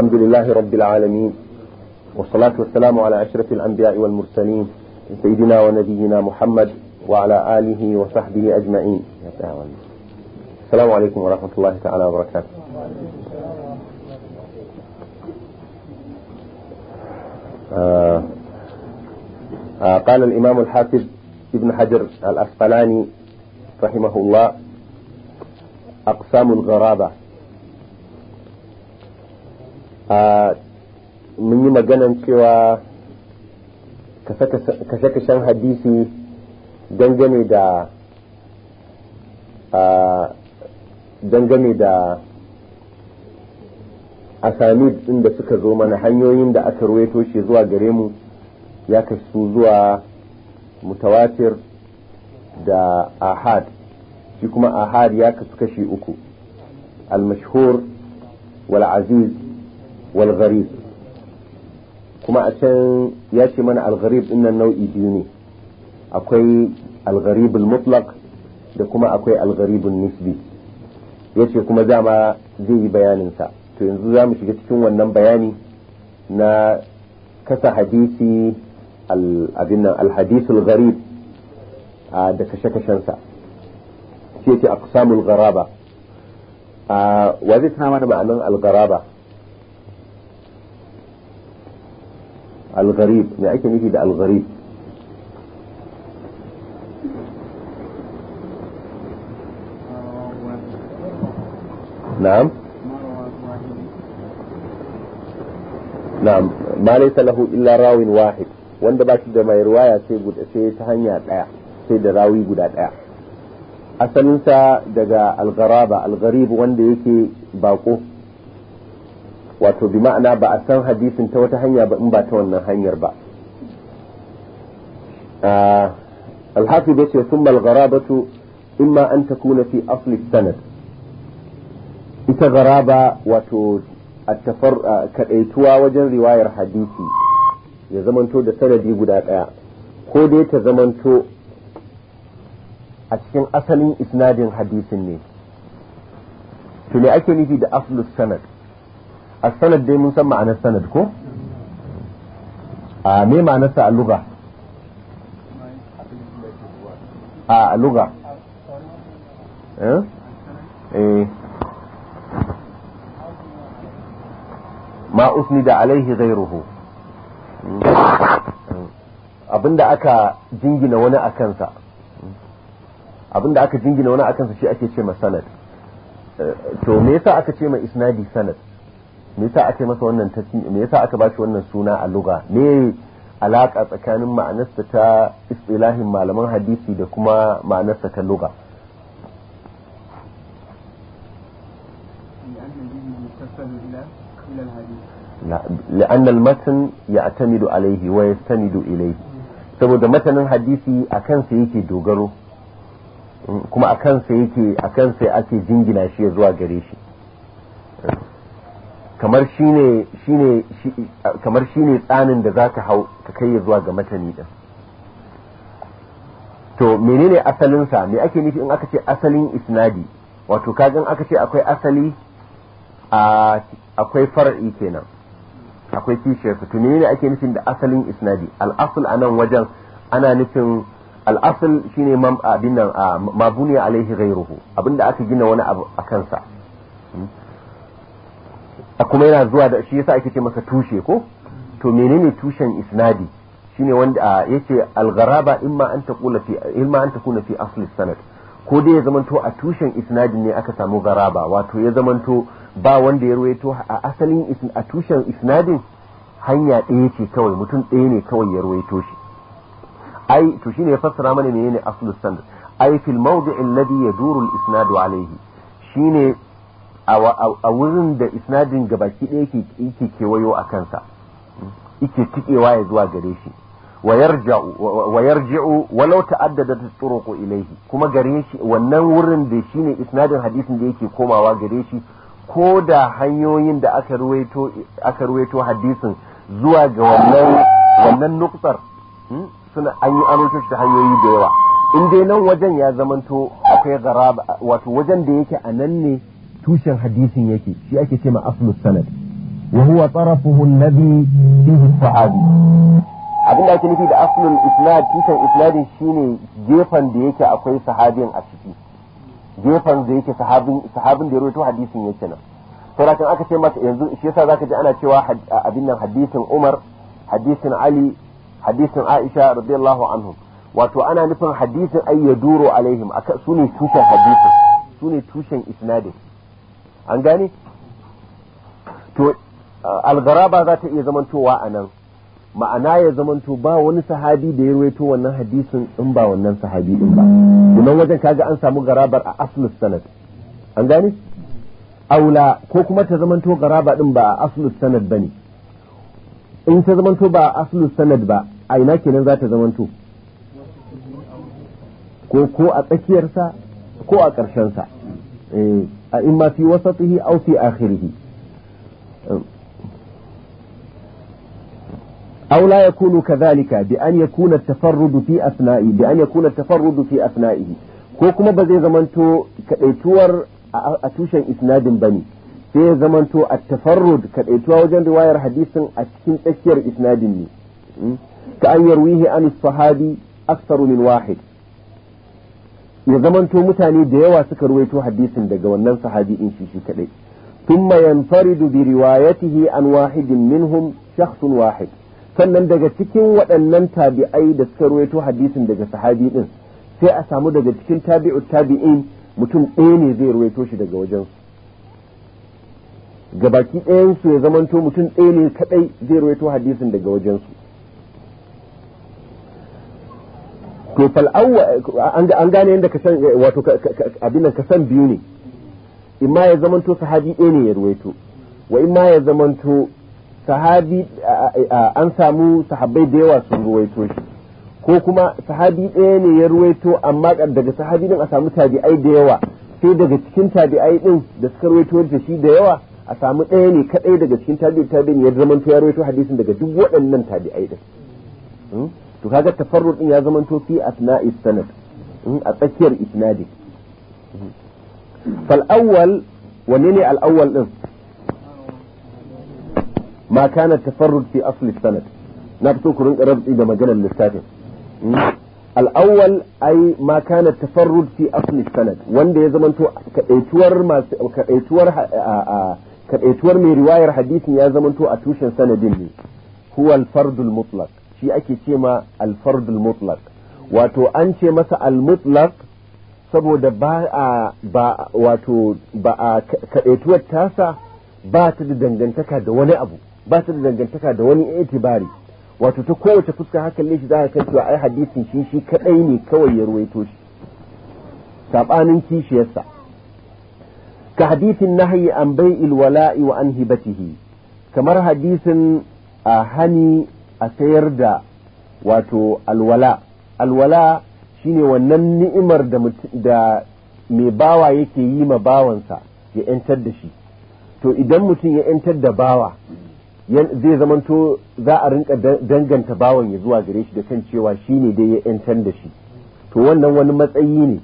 الحمد لله رب العالمين والصلاة والسلام على أشرف الأنبياء والمرسلين سيدنا ونبينا محمد وعلى آله وصحبه أجمعين السلام عليكم ورحمة الله تعالى وبركاته آه آه قال الإمام الحافظ ابن حجر الأسقلاني رحمه الله أقسام الغرابة mun yi maganan cewa kashe-kashen hadisi dangane da dangane da asanid din da suka zo mana hanyoyin da aka ruwaito shi zuwa gare mu ya kashe zuwa mutawatir da ahad shi kuma ahad ya kasu kashi uku al-mashhur wal-aziz wal kuma a can ya ce mana al gharib din nan nau'i biyu akwai al gharib al da kuma akwai al gharib al nisbi yace kuma dama zai yi bayanin sa to yanzu za mu shiga cikin wannan bayani na kasa hadisi abin nan al hadith al gharib da kashe-kashen sa yace aqsamul a wa zai tana mana ma'anan al gharaba algarib me ake nufi da algarib na'am na'am ma laysa lahu illa rawin wahid wanda ba shi da mai riwaya sai guda sai ta hanya daya sai da rawi guda daya asalinsa daga algaraba algarib wanda yake bako wato bi ma'ana ba a san hadisin ta wata hanya ba in ba ta wannan hanyar ba ah, alhafi da ce sun in ma an ta kuna fi asli sanad ita garaba wato a ah, kaɗaituwa wajen riwayar hadisi ya zamanto da sanadi guda ɗaya ko dai ta zamanto a cikin asalin isnadin hadisin ne to ake nufi da aslus sanad a sanad dai mun san ma'anar sanad ko a me ma'anarsa a luga a luga eh ma usnida alaihi ghairuhu da aka jingina wani a kansa, akansa da aka jingina wani a kansa shi ake ce ma sanad to me yasa aka ce ma isnadi sanad me yasa aka masa wannan me yasa aka ba shi wannan suna a lugha me alaka tsakanin ma'anarsa ta istilahin malaman hadisi da kuma ma'anarsa ta lugha لأن المتن يعتمد عليه ويستند إليه سبب ده متن a kansa سيكي دوغرو كما a سيكي yake a kansa ake jingina shi kamar shine shine kamar shine tsanin da zaka hau ka kai zuwa ga matani din to menene asalin sa me ake nufi in aka ce asalin isnadi wato kajin aka ce akwai asali a akwai far'i kenan akwai kishiyar to menene ake nufin da asalin isnadi al-asl anan wajen ana nufin al'asul shine ne abin nan mabuni alaihi ghayruhu abinda aka gina wani abu a kansa hmm? kuma yana zuwa da shi yasa ake ce masa tushe ko to menene tushen isnadi shine wanda yace al-gharaba imma an taqula fi imma an takuna fi asli sanad ko dai ya zamanto a tushen isnadi ne aka samu garaba wato ya zamanto ba wanda ya ruwaito a asalin a tushen isnadin hanya ɗaya ce kawai mutum ɗaya ne kawai ya ruwaito shi ai to shine ya fassara mana menene asli sanad ai fil mawdi'i alladhi yaduru al-isnadu alayhi shine a wurin da isnadin gabaki ɗaya ke kewayo a kansa ike tikewa ya zuwa gare shi wa yarji'u walau ta'addadat turuqu ilayhi kuma gare shi wannan wurin da shine isnadin hadisin da yake komawa gare shi ko da hanyoyin da aka ruwaito aka ruwaito hadisin zuwa ga wannan wannan nuksar hmm, suna an yi amince da hanyoyi da yawa in dai nan wajen ya zamanto akwai garaba wato wajen da yake nan ne tushen hadisin yake shi ake ce ma aslus sanad wa huwa tarafuhu alladhi fihi sahabi abin da ake nufi da aslul isnad tushen isnadin shine gefen da yake akwai sahabin a ciki gefen da yake sahabin sahabin da ya rawaito hadisin yake nan saurakan aka ce maka yanzu shi yasa zaka ji ana cewa abin nan hadisin Umar hadisin Ali hadisin Aisha radiyallahu anhu wato ana nufin hadisin ay yaduru alaihim aka sune tushen hadisin sune tushen isnadin an gane to algaraba za ta iya zamantowa a nan ma'ana ya zamanto ba wani sahabi da ya ruwaito wannan hadisin in ba wannan sahabi din ba domin wajen kaga an samu garabar a aslus sanad an gane aula ko kuma ta zamanto garaba din ba a aslus sanad bane in ta zamanto ba a aslus sanad ba a ina kenan za ta zamanto ko ko a tsakiyarsa ko a ƙarshensa eh إما في وسطه أو في آخره أو لا يكون كذلك بأن يكون التفرد في أثنائه بأن يكون التفرد في أثنائه كوكما بزي زمانتو كأيتور أتوشن إسناد بني في زمانتو التفرد كأيتوا وجن رواية حديث أتكين أشير إسناد كأن يرويه عن الصحابي أكثر من واحد ya zamanto mutane da yawa suka ruwaito hadisin daga wannan sahabi din shi shi kadai thumma yanfaridu bi riwayatihi an wahidin minhum shakhsun wahid sannan daga cikin waɗannan tabi'ai da suka ruwaito hadisin daga sahabi din sai a samu daga cikin tabi'ut tabi'in mutum ɗaya ne zai ruwaito shi daga wajen gabaki ɗayan su ya zamanto mutum ɗaya ne kadai zai ruwaito hadisin daga wajen su to fal an gane yadda ka san wato abin nan ka san biyu ne in ma ya zamanto sahabi ɗaya ne ya ruwaito wa in ma ya zamanto sahabi an samu sahabbai da yawa sun ruwaito shi ko kuma sahabi ɗaya ne ya ruwaito amma daga sahabi din a samu tabi'ai da yawa sai daga cikin tabi'ai din da suka ruwaito da shi da yawa a samu ɗaya ne kaɗai daga cikin tabi'ai tabi'in ya zamanto ya ruwaito hadisin daga duk waɗannan tabi'ai din hmm? to kaga tafarrur din ya zamanto fi asna'i sanad a tsakiyar isnadi fal awwal wanne ne al awwal din ma kana tafarrud fi asli sanad na fito ku rinka rabbi da maganar lissafin al'awwal ai ma kana tafarrud fi asli sanad wanda ya zamanto kadaituwar masu kadaituwar kadaituwar mai riwayar hadisin ya zamanto a tushen sanadin ne huwa al-fardul mutlaq shi ake ce ma alfardul mutlak wato an ce masa al-mutlaq saboda ba a ba wato ba a kaɗaituwar tasa ba ta da dangantaka da wani abu ba ta da dangantaka da wani itibari wato ta kowace fuska hakan ne shi za a kan cewa ai hadisin shi shi kadai ne kawai ya ruwaito shi saɓanin kishiyarsa ka hadisin nahyi an bai wala'i wa an hibatihi kamar hadisin a hani a sayar da wato alwala alwala shine wannan ni'imar da mai bawa yake yi ma bawansa ya yantar da shi to idan mutum ya yantar da bawa zai zamanto za a rinka danganta bawan ya zuwa gare shi da kan cewa shine dai ya yantar da shi to wannan wani matsayi ne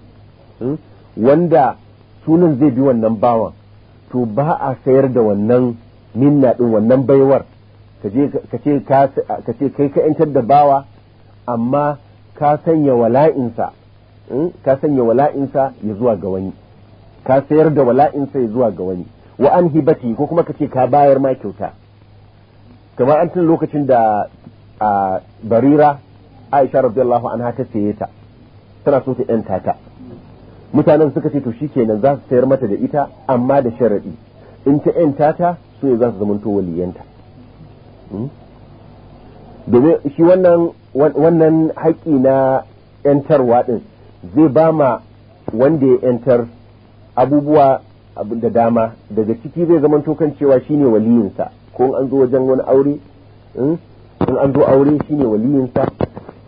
hmm, wanda sunan zai bi wannan bawan to ba a sayar da wannan minna din wannan baiwar ka ce kai ka ‘yantar da bawa amma hmm, ka sanya wala'insa ya zuwa ga wani ka sayar da wala'insa ya zuwa ga wani wa an hibati ko kuma ka ce ka bayar ma kyauta kama an tun lokacin da a barira aisha radiyallahu an haka saye ta tana so ta ‘yanta ta mutanen suka ce to shi kenan za su sayar mata da ita amma da sharaɗi in ta ‘yanta ta so ya za su zamanto waliyanta Hmm? domin shi wannan haƙƙi na 'yantar waɗin zai ba ma wanda ya ‘yantar abubuwa da dama daga ciki zai zama tokan cewa shi ne waliyinsa ko an zo wajen wani aure hmm? in an zo aure shi ne waliyinsa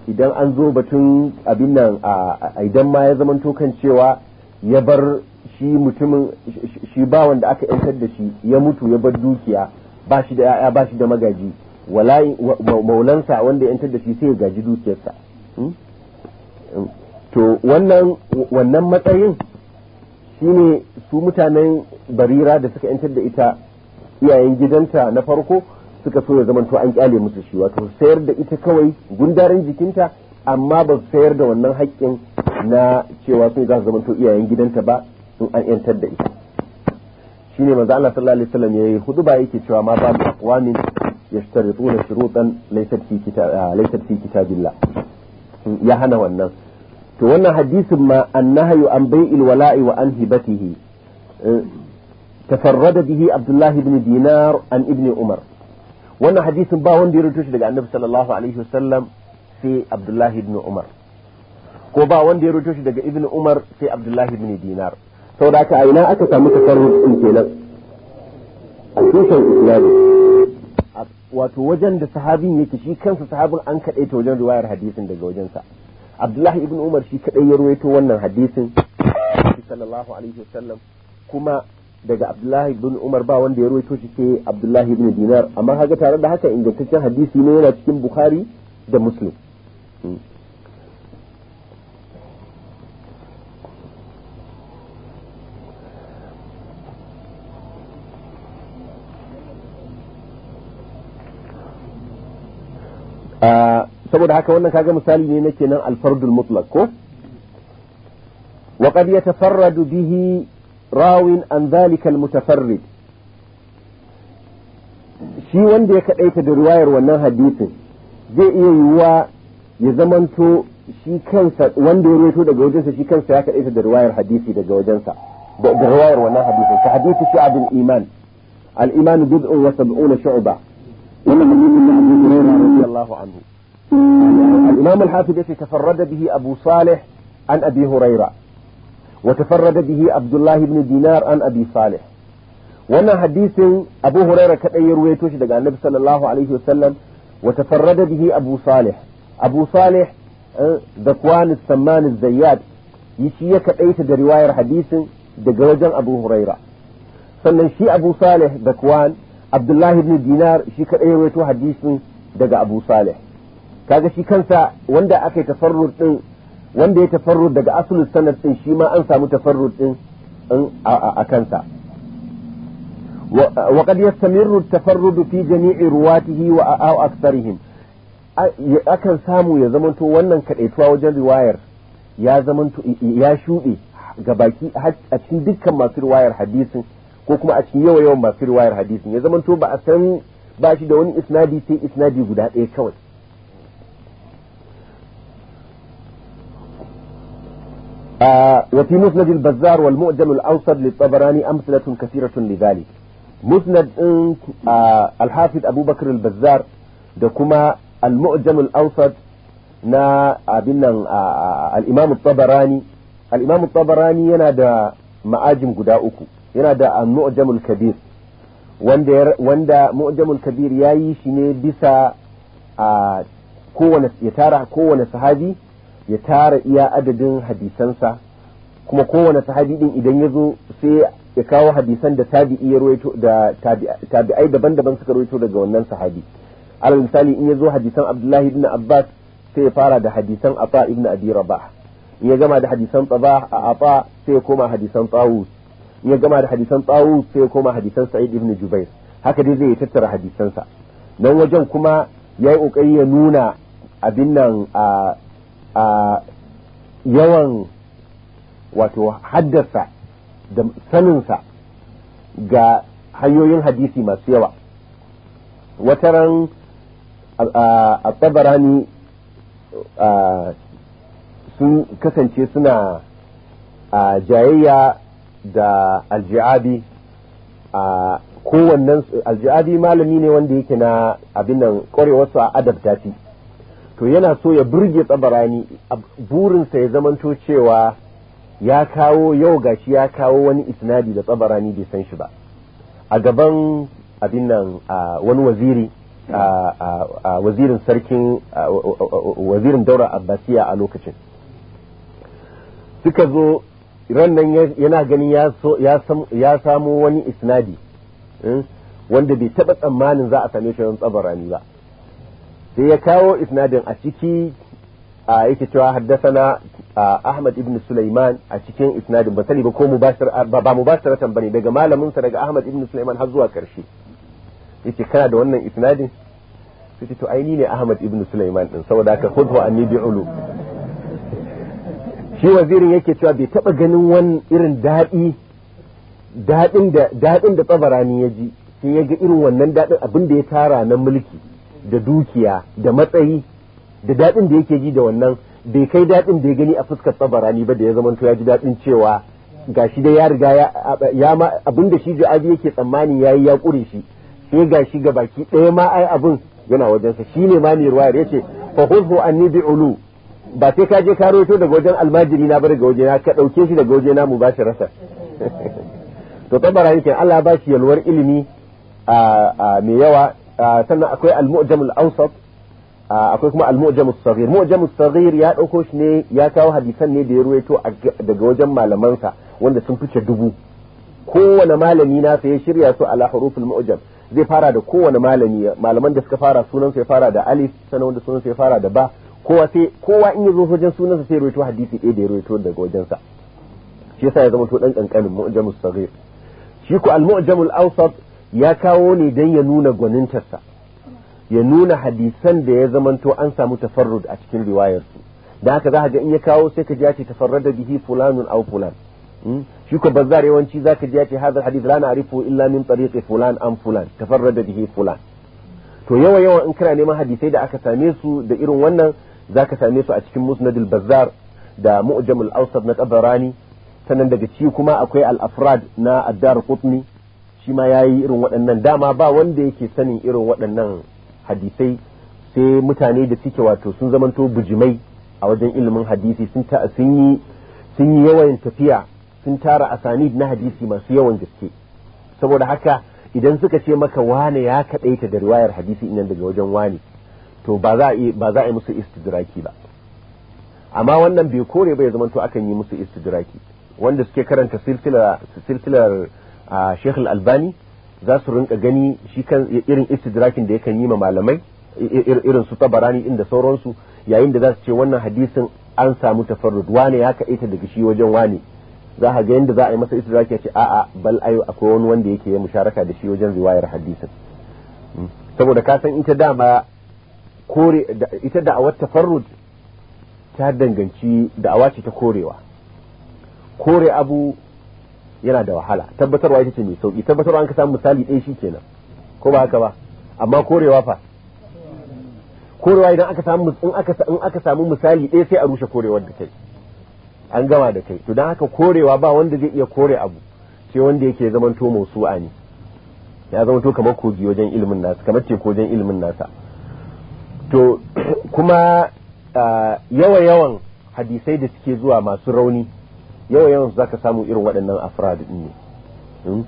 idan an zo batun abin nan idan ma ya zama tokan cewa ya bar shi mutumin shi ba wanda aka ‘yantar da shi ya mutu ya bar dukiya ba shi da ya'ya ba shi da magaji maulansa wanda ya da shi sai ya gaji dukiyarsa hmm? Hmm. to wannan wannan matsayin shine su mutanen barira da suka yantar da ita iyayen gidanta na farko suka so ya zamanto an kyale musu shi wato sayar da ita kawai gundarin jikinta amma ba su sayar da wannan haƙƙin na cewa sun za su zamanto iyayen gidanta ba sun an yantar da ita shine manzo Allah sallallahu alaihi wasallam yayi huduba yake cewa ma ba aqwamin yashtarituna shurutan laysat fi kitab ah, laysat fi kitabillah ya hana wannan to wannan hadisin ma annahyu an bai'il wala'i wa an hibatihi eh, tafarrada bihi Abdullah ibn Dinar an ibn Umar wannan hadisin ba wanda ya rubuto shi daga Annabi sallallahu alaihi wasallam sai Abdullah ibn Umar ko ba wanda ya rubuto shi daga Ibn Umar sai Abdullah ibn Dinar sau da aka aina aka samu ke kenan a tushen islami wato wajen da sahabin yake shi kansa sahabin an kaɗai ta wajen riwayar hadisin daga wajensa abdullahi ibn umar shi kaɗai ya ruwaito wannan hadisin sallallahu alaihi wasallam kuma daga abdullahi ibn umar ba wanda ya ruwaito shi ke abdullahi ibn dinar amma kaga tare da haka ingantaccen hadisi ne yana cikin bukhari da muslim hmm. Ah, saboda haka wannan kaga misali ne na kenan alfardul mutlaq ko wa qad yatafarradu bihi rawin an zalika almutafarrid shi wanda ya kadaita da riwayar wannan hadisin zai iya yiwuwa ya zamanto shi kansa wanda ya rawaito daga wajensa shi kansa ya kadaita da riwayar hadisi daga wajensa da riwayar wannan hadisin ka hadisi shi abin iman al-iman bid'un wa sab'una shu'ba wannan ne الله عنه الإمام الحافظ تفرد به أبو صالح عن أبي هريرة وتفرد به عبد الله بن دينار عن أبي صالح wannan hadisin abu huraira kaɗai ya ruwaito shi daga annabi sallallahu alaihi wasallam wa tafarrada bihi abu salih abu salih da kwan samman zayyad shi ya kaɗaita da riwayar hadisin daga wajen abu huraira sannan shi abu salih da kwan abdullahi ibn dinar shi kaɗai ya ruwaito hadisin daga abu salih kaga shi kansa wanda aka yi tafarrud din wanda ya tafarrud daga asulul sanad din shi ma an samu tafarrud din a kansa wa yastamirru tafarrud fi jami'i جميع wa أو aktharihim akan samu ya zamanto wannan kaɗaituwa wajen riwayar ya zamanto ya shuɗe ga baki a cikin dukkan masu riwayar hadisin ko kuma a cikin yawa yawan masu riwayar hadisin ya zamanto ba a san ba shi da wani isnadi sai isnadi guda ɗaya kawai وفي مسند البزار والمؤجم الأوسط للطبراني أمثلة كثيرة لذلك مسند الحافظ أبو بكر البزار دكما المؤجم الأوسط نا أبنا الإمام الطبراني الإمام الطبراني ينادى معاجم قداؤكو ينادى المؤجم الكبير wanda mu'jamul kabir yayi shi ne bisa kowane ya tara kowane sahabi ya tara iya adadin hadisansa kuma kowane sahabi din idan ya zo sai ya kawo hadisan da tabi'i ya ruwaito da tabi'ai daban-daban suka ruwaito daga wannan sahabi alal misali in ya zo hadisan abdullahi ibn abbas sai ya fara da hadisan afa ibn abi rabah in ya gama da hadisan tsaba a afa sai ya koma hadisan tsawus ya gama da hadisan tsawo sai ya koma hadisan sa'id ibn jubair haka dai zai tattara hadisansa nan wajen kuma ya yi ƙoƙari ya nuna abin nan a yawan wato haddasa da saninsa ga hanyoyin hadisi masu yawa wataran a tsabarani sun kasance suna a jayayya da alji'abi a kowannen alji'abi malami ne wanda yake na abin nan kwarewarsa a adabta to yana so ya burge tsabarani burinsa ya zamanto cewa ya kawo yau gashi ya kawo wani isnadi da tsabarani bai san shi ba a gaban abin nan wani waziri a wazirin sarkin wazirin daura abbasiya a lokacin suka zo ran nan yana ganin ya samo wani isnadi hmm, wanda bai taɓa tsammanin za a same shi ran tsabarani ba sai ya kawo isnadin a ciki a yake cewa haddasana Ahmad ibn Sulaiman a cikin isnadin ba sani ba ko ba mubashiratan bane daga malamin sa daga Ahmad ibn Sulaiman har zuwa karshe yake kana da wannan isnadin sai to ai ni ne Ahmad ibn Sulaiman din saboda aka khudhu anni bi'ulu shi wazirin yake cewa bai taba ganin wani irin daɗi daɗin da daɗin da tsabarani ya ji sai ya ga irin wannan daɗin abin da ya tara na mulki da dukiya da matsayi da daɗin da yake ji da wannan bai kai daɗin da ya gani a fuskar tsabarani ba da ya zamanto ya ji daɗin cewa gashi da ya riga ya ma abin da shi ja'abi yake tsammani yayi ya ƙure shi sai gashi ga baki ɗaya ma ai abin yana wajensa shine ma ne ya yace fa khudhu anni ulu. ba sai ka je ka roto daga wajen almajiri na bar daga wajena ka dauke shi daga wajena mu ba shi rasa to tabara yake Allah ba shi yalwar ilimi a mai yawa sannan akwai al-mu'jam al-awsat akwai kuma al-mu'jam as-saghir mu'jam as-saghir ya dauko shi ne ya kawo hadisan ne da ya ruwaito daga wajen malamansa wanda sun fice dubu kowane malami na sai ya shirya su ala huruful mu'jam zai fara da kowane malami malaman da suka fara sunan sai fara da alif sannan wanda sunan sai fara da ba kowa sai kowa in yazo wajen sunansa sai ruwaito hadisi ɗaya da ya ruwaito daga wajensa shi yasa ya zama to dan kankanin mu'jamus saghir shi ko al-mu'jamul awsat ya kawo ne dan ya nuna gwanintarsa ya nuna hadisan da ya zamanto an samu tafarrud a cikin riwayarsu da haka za ga in ya kawo sai ka ji ya ce tafarrada bihi fulanun aw fulan hmm? shi ko bazzar yawanci zaka ji ya ce hadal hadith la na'rifu illa min tariqi fulan am fulan tafarrada bihi fulan to yawa yawa in kana neman hadisai da aka same su da irin wannan zaka same su a cikin musnadul bazzar da mu'jamul awsat na tabarani sannan daga ci kuma akwai al-afrad na addar qutni shi ma yayi irin waɗannan dama ba wanda yake sanin irin waɗannan hadisai sai mutane da suke wato sun zamanto bujimai a wajen ilimin hadisi sun ta sun yi sun yi yawan tafiya sun tara asanid na hadisi masu yawan gaske saboda haka idan suka ce maka wane ya kadaita da riwayar hadisi ina daga wajen wane to ba za a yi musu istidraki ba amma wannan bai kore ba ya zama to akan yi musu istidraki wanda suke karanta silsilar Sheikh Al-Albani za su rinka gani shi kan irin istidrakin da yakan yi ma malamai irin su tabarani inda sauransu yayin da za su ce wannan hadisin an samu tafarrud wane ya kaita daga shi wajen wane za ka ga yadda za a yi masa istidraki ya ce a'a bal ayo akwai wani wanda yake ya musharaka da shi wajen riwayar hadisin hmm. saboda ka san ita dama kore ita da'awar tafarrud ta danganci da'awa ce ta korewa kore abu yana da wahala tabbatarwa ita ce mai sauki tabbatarwa an ka samu misali ɗaya shi kenan ko ba haka ba amma korewa fa korewa idan aka samu in aka in aka samu misali ɗaya sai a rushe korewar da kai an gama da kai to dan haka korewa ba wanda zai iya kore abu sai wanda yake zaman to mausu'a ne ya zama to kamar kogi wajen ilimin nasa kamar ce wajen ilimin nasa to kuma yawa-yawan hadisai da suke zuwa masu rauni yawa-yawan su za ka samu irin waɗannan afrad ne hmm?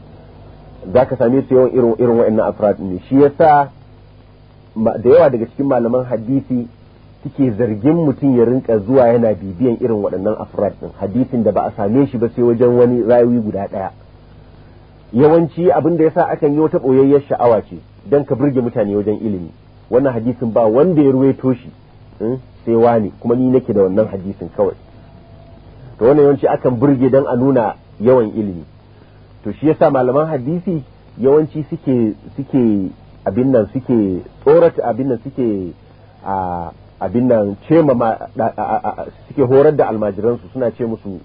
za ka same su yawan irin waɗannan afrad ne shi ya sa da yawa daga cikin malaman hadisi suke zargin mutum ya rinka zuwa yana bibiyan irin waɗannan afra ɗin hadisin da ba a same shi ba sai wajen wani rayuwi guda ɗaya yawanci abin da ya sa akan yi wata ɓoyayyar sha'awa ce don ka burge mutane wajen ilimi wannan hadisin ba wanda ya ruwaito shi eh, sai wani kuma ni nake da wannan hadisin kawai to wannan yawanci akan burge dan a nuna yawan ilimi to shi yasa malaman hadisi yawanci suke suke abin nan suke tsorata abin nan suke a abin nan ce ma suke horar da almajiransu suna ce musu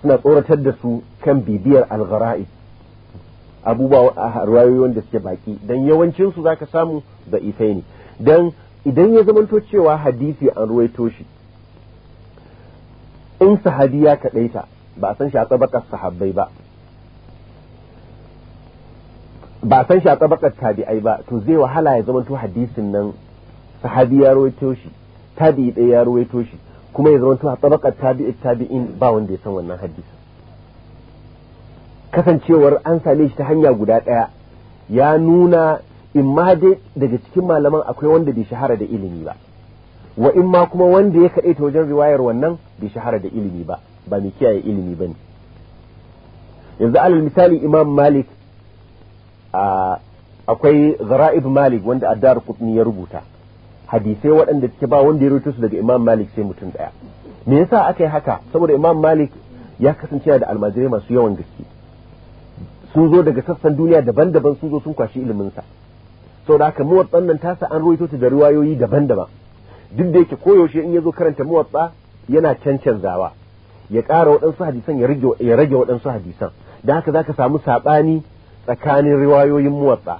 suna tsoratar da su kan bibiyar alghara'ib abubuwa a ruwayoyi wanda suke baki don yawancinsu za ka samu da isai ne don idan ya zamanto cewa hadisi an ruwaito shi in sahabi ya kaɗaita ba a san shi a tsabakar sahabbai ba ba a san shi a tsabakar tabi'ai ba to zai wahala ya zamanto hadisin nan sahabi ya ruwaito shi tabi'i ɗaya ya ruwaito shi kuma ya zamanto a tsabakar tabi'in ba wanda ya san wannan hadisi kasancewar an same shi ta hanya guda ɗaya ya nuna in ma dai daga cikin malaman akwai wanda bai shahara da ilimi ba wa in ma kuma wanda ya kaɗe ta wajen riwayar wannan bai shahara da ilimi ba ba mai kiyaye ilimi ba ne yanzu alal misali imam malik akwai zara'ib malik wanda addar kutni ya rubuta hadisai waɗanda suke ba wanda ya rubuta su daga imam malik sai mutum ɗaya me yasa aka yi haka saboda imam malik ya kasance da almajirai masu yawan gaske sun zo daga sassan duniya daban-daban sun zo sun kwashi iliminsa sau da haka mawatsan nan tasa an roito ta da riwayoyi daban-daban duk da yake koyaushe in ya zo karanta muwatsa yana cancanzawa ya ƙara waɗansu hadisan ya rage waɗansu hadisan da haka za ka samu saɓani tsakanin riwayoyin muwatsa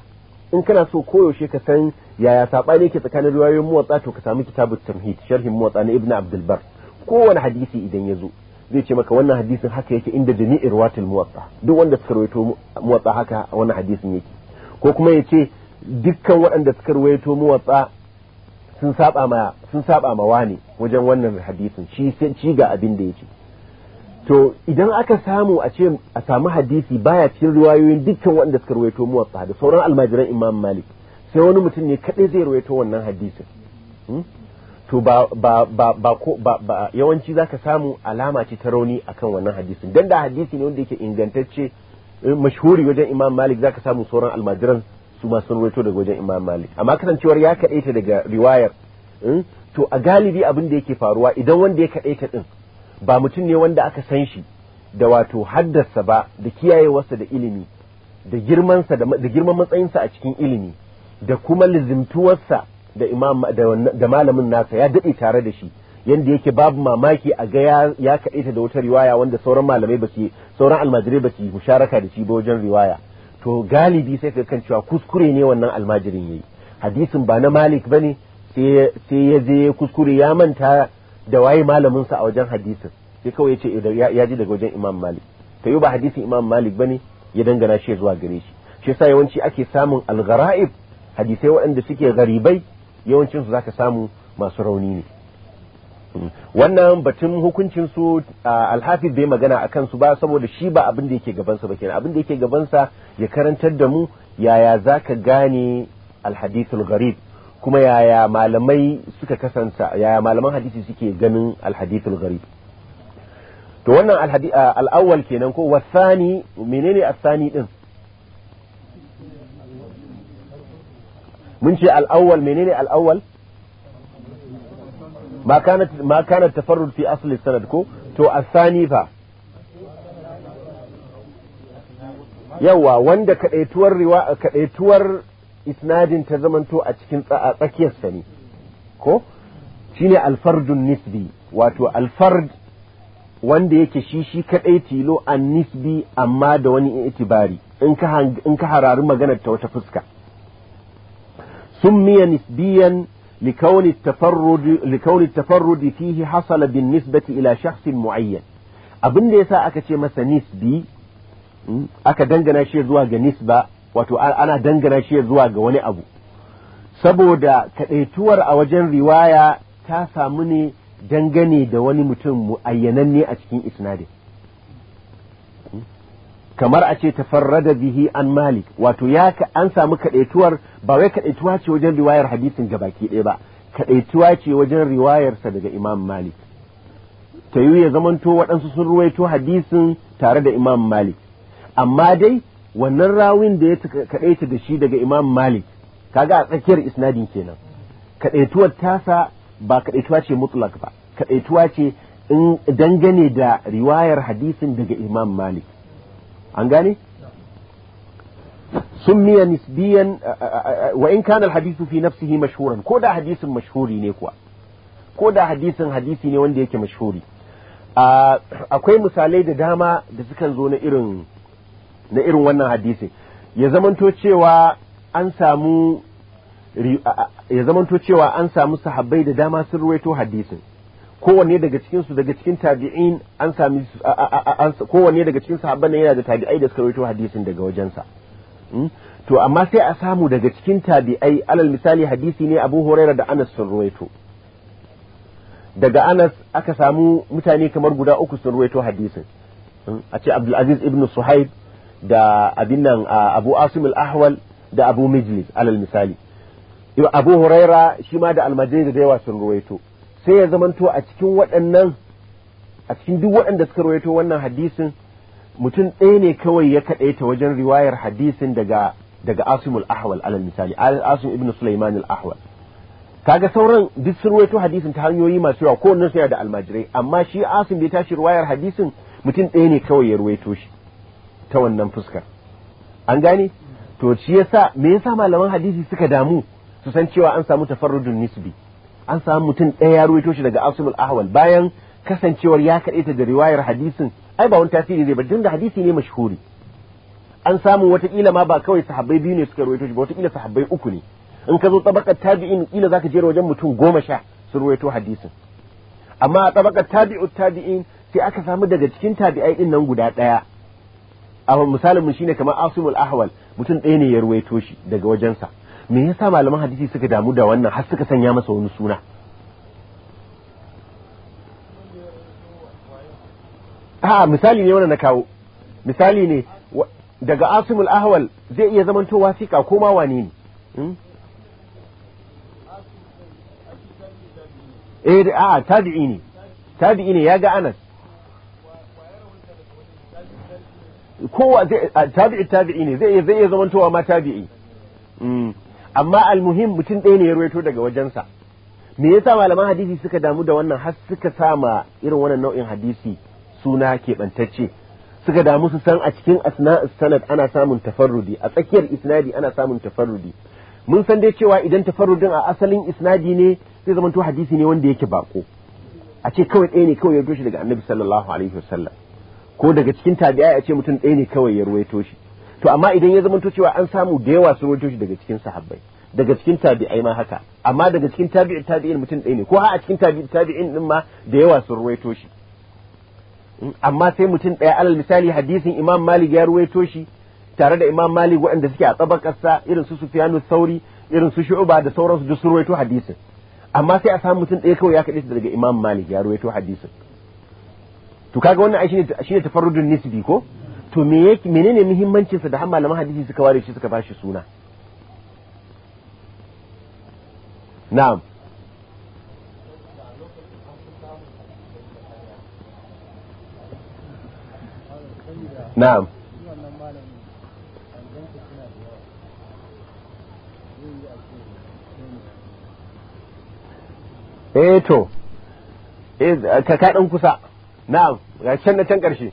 in kana so koyaushe ka san yaya saɓani yake tsakanin riwayoyin muwatsa to ka samu kitabu tamhid sharhin muwatsa na Ibn abdulbar kowane hadisi idan ya zo zai ce maka wannan hadisin haka yake inda jami'i ruwatul muwatta duk wanda suka rawaito muwatta haka wannan hadisin yake ko kuma ya ce dukkan waɗanda suka rawaito muwatta sun saba ma sun saba ma wani wajen wannan hadisin shi ci ga abin da yake to idan aka samu a ce a samu hadisi baya cikin riwayoyin dukkan waɗanda suka rawaito muwatta da sauran almajiran imam malik sai wani mutum ne kadai zai rawaito wannan hadisin hmm? to ba ba ba ba ko ba, yawanci zaka samu alama ce ta rauni akan wannan hadisin dan da hadisi ne wanda yake ingantacce eh, mashhuri wajen Imam Malik zaka samu sauran almajiran su ma sun rawaito daga wajen Imam Malik amma kasancewar ya ta daga riwayar eh, to a galibi abin da yake faruwa idan wanda ya ta din ba mutum ne wanda aka san shi da wato haddasa ba da kiyayewarsa da ilimi da girmansa da girman matsayinsa a cikin ilimi da kuma lizimtuwarsa da imam da malamin nasa ya daɗe tare da shi yanda yake babu mamaki a ga ya kaɗe ta da wata riwaya wanda sauran malamai ba sauran almajirai ba su musharaka da shi ba wajen riwaya to galibi sai ka kan cewa kuskure ne wannan almajirin yayi hadisin ba na malik bane sai ya je kuskure ya manta da waye malamin sa a wajen hadisin sai kawai ya ce eh, ya ji daga wajen imam malik ta yi ba hadisin imam malik bane ya dangana shi zuwa gare shi shi yasa yawanci ake samun algaraib hadisai waɗanda suke garibai yawancinsu za ka samu masu rauni ne wannan batun hukuncinsu alhafi bai magana a kansu ba saboda shi ba abin da yake gabansa ba kenan abin da yake gabansa ya karantar da mu yaya za ka gane alhadithul gharib kuma yaya malamai suka kasanta yaya malaman hadisi suke ganin alhadithul gharib to wannan al-awwal kenan ko wasani menene asani din mun ce al'awwal menene al'awwal ma kanat ma kanat tafarrud fi asli sanad ko to asani fa yawa wanda kadaituwar isnadin ta zamanto a cikin tsakiyar sani ko shine alfardun nisbi wato alfard wanda yake shi shi kadai tilo an nisbi amma da wani itibari in ka harari maganar ta wata fuska سمي نسبيا لكون التفرد, لكون التفرد فيه حصل بالنسبة إلى شخص معين abin da yasa aka ce masa nisbi aka dangana shi zuwa ga nisba wato ana dangana shi zuwa ga wani abu saboda kadaituwar a wajen riwaya ta samu ne dangane da wani mutum mu'ayyananne a cikin isnadin kamar a ce tafarrada bihi an malik wato ya an samu kadaituwar ba wai kadaituwa ce wajen riwayar hadisin gabaki ɗaya ba kadaituwa ce wajen riwayarsa daga imam malik ta yi ya zamanto waɗansu sun ruwaito hadisin tare da imam malik amma dai wannan rawin da ya kadaita da shi daga imam malik kaga a tsakiyar isnadin kenan kadaituwar tasa ba kadaituwa ce mutlak ba kadaituwa ce in dangane da riwayar hadisin daga imam malik an gane? summiya nisbiyan wa’in kanar hadisu fi nafsihi mashhuran ko da hadisin mashhuri ne kuwa ko da hadisin hadisi ne wanda yake mashhuri akwai misalai da dama da sukan zo na irin wannan hadisi ya zamanto cewa an samu sahabbai da dama sun ruwaito hadisin kowanne daga cikin su daga cikin tabi'in an sami kowanne daga cikin sahabban nan yana da tabi'ai da suka rawaito hadisin daga wajensa hmm? to amma sai a samu daga cikin tabi'ai alal misali hadisi ne Abu Hurairah da Anas sun rawaito daga Anas aka samu mutane kamar guda uku sun rawaito hadisin hmm? a ce Abdul Aziz ibn Suhaib da abin nan Abu Asim al-Ahwal da Abu Mijlis alal misali Abu Hurairah shi ma da almajiri da yawa sun rawaito sai ya zamanto a cikin waɗannan a cikin duk waɗanda suka rawaito wannan hadisin mutum ɗaya ne kawai ya kaɗaita wajen riwayar hadisin daga daga asimul ahwal alal misali asim ibn sulaiman al ahwal kaga sauran duk sun rawaito hadisin ta hanyoyi masu yawa ko nan saya da almajirai amma shi asim bai tashi riwayar hadisin mutum ɗaya ne kawai ya rawaito shi ta wannan fuskar an gane to shi yasa me yasa malaman hadisi suka damu su san cewa an samu tafarrudun nisbi an samu mutum ɗaya ya ruwaito shi daga asimul ahwal bayan kasancewar ya kaɗe ta da riwayar hadisin ai ba wani tasiri zai ba dun da hadisi ne mashhuri an samu watakila ma ba kawai sahabbai biyu ne suka ruwaito shi ba watakila sahabbai uku ne in ka zo tabakar tabi'in kila zaka je wajen mutum goma sha su ruwaito hadisin amma a tabakar tabi'u tabi'in sai aka samu daga cikin tabi'ai din nan guda ɗaya a misalin mu shine kamar asimul ahwal mutum ɗaya ne ya ruwaito shi daga wajensa me yasa malaman hadisi suka damu da wannan har suka sanya masa wani suna a misali ne wannan na kawo misali ne daga asimul ahwal zai iya to wasiƙa ko ma wani ne hmm? eh a tabi'i ne tabi'i ne ya ga anas kowa tabi'i tabi'i ne zai iya zamantowa ma tabi'i hmm. amma almuhim mutum ɗaya ne ya ruwaito daga wajensa me yasa malaman hadisi suka damu da wannan har suka sama irin wannan nau'in hadisi suna keɓantacce suka damu su san a cikin asna'is sanad ana samun tafarrudi a tsakiyar isnadi ana samun tafarrudi mun san dai cewa idan tafarrudin a asalin isnadi ne zai zama to hadisi ne wanda yake bako a ce kawai ɗaya ne kawai ya ruwaito shi daga annabi sallallahu alaihi wasallam ko daga cikin tabi'ai a ce mutum ɗaya ne kawai ya ruwaito shi to amma idan ya zama cewa an samu da yawa sun rawaito shi daga cikin sahabbai daga cikin tabi'ai ma haka amma daga cikin tabi'in tabi'in mutum ɗaya ne ko a cikin tabi'in din ma da yawa sun ruwaito shi hmm, amma sai mutum ɗaya alal misali hadisin imam malik ya ruwaito shi tare da imam malik waɗanda suke a ƙasa irin su sufyanu sauri irin su shu'uba da sauransu duk sun ruwaito hadisin amma sai a samu mutum ɗaya kawai ya kaɗe shi daga imam malik ya ruwaito hadisin to kaga wannan ai shine shine tafarrudun nisbi ko to menene muhimmancinsa da har malaman hadisi suka ware shi suka bashi suna na'am na'am eh, eh ka kaɗan kusa na'am ga can na can ƙarshe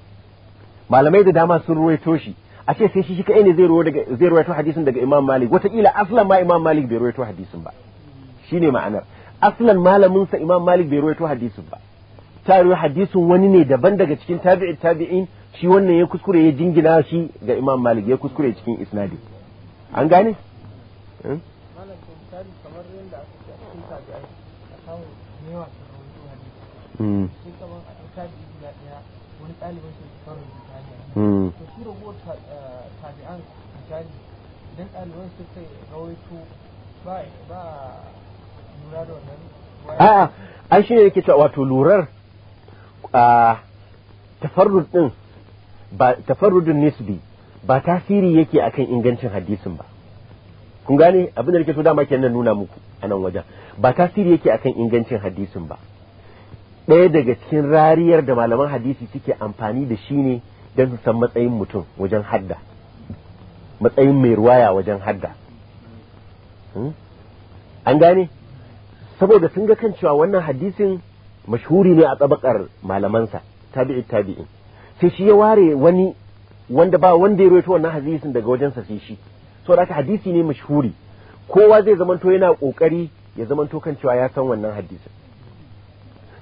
malamai da dama sun ruwaito shi a ce sai shi shi kai ne zai ruwaito hadisin daga imam malik wataƙila aslan ma imam malik bai ruwaito hadisin ba shine ma'anar aslan malamin sa imam malik bai ruwaito hadisin ba ta ruwa hadisin wani ne daban daga cikin tabi'in tabi'in shi wannan ya kuskure ya jingina shi ga imam malik ya kuskure cikin isnadi an gane Mm. Hmm. to su ragowar tabi'an eh, misali idan ɗaliban rawaito ba lura da wannan yake cewa wato lurar a tafarrud ɗin ba tafarrudin nisbi ba tasiri yake akan ingancin hadisin ba kun gane abin da nake so dama kenan nuna muku a nan wajen ba tasiri yake akan ingancin hadisin ba ɗaya daga cikin rariyar da malaman hadisi suke amfani da shi ne don su san matsayin mutum wajen hadda matsayin mai ruwaya wajen hadda hmm? an gane saboda sun ga kan cewa wannan hadisin mashhuri ne a tsabakar malamansa tabi'i tabi'in sai shi ya ware wani wanda ba wanda ya roto wannan hadisin daga wajensa sai shi da haka hadisi ne mashhuri kowa zai zamanto yana kokari ya zamanto kan cewa ya san wannan hadisin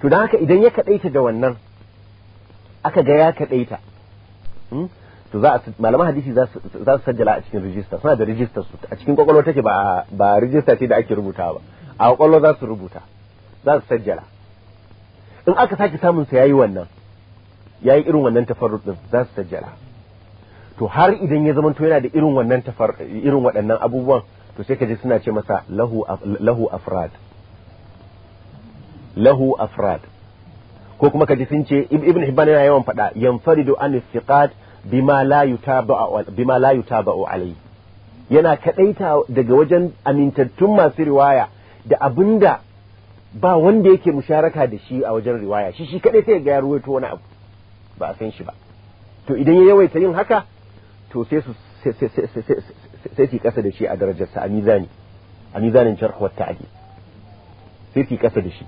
to dan haka idan ya kadaita da wannan aka ga ya kadaita Hmm? to za a malaman hadisi za su sajjala a cikin rijista suna da rijista su a cikin kwakwalwa take ba ba rijista ce da ake rubuta ba a kwakwalwa za su rubuta za su sajjala in aka sake samun sa yayi wannan yayi irin wannan tafarrud din za su sajjala to har idan ya to yana da irin wannan tafar irin waɗannan abubuwan to sai kaje suna ce masa lahu lahu afrad lahu afrad ko kuma ka ji sun ce ibn hibban yana yawan faɗa yanfaridu an istiqat bima la bima la yutaba'u alai yana kadaita daga wajen amintattun masu riwaya da abinda ba wanda yake musharaka da shi a wajen riwaya shi shi kadai sai ga ya to wani abu ba a san shi ba to idan ya yawaita yin haka to sai su sai su kasa da shi a darajarsa a mizani a mizanin jarh wa ta'dil sai su kasa da shi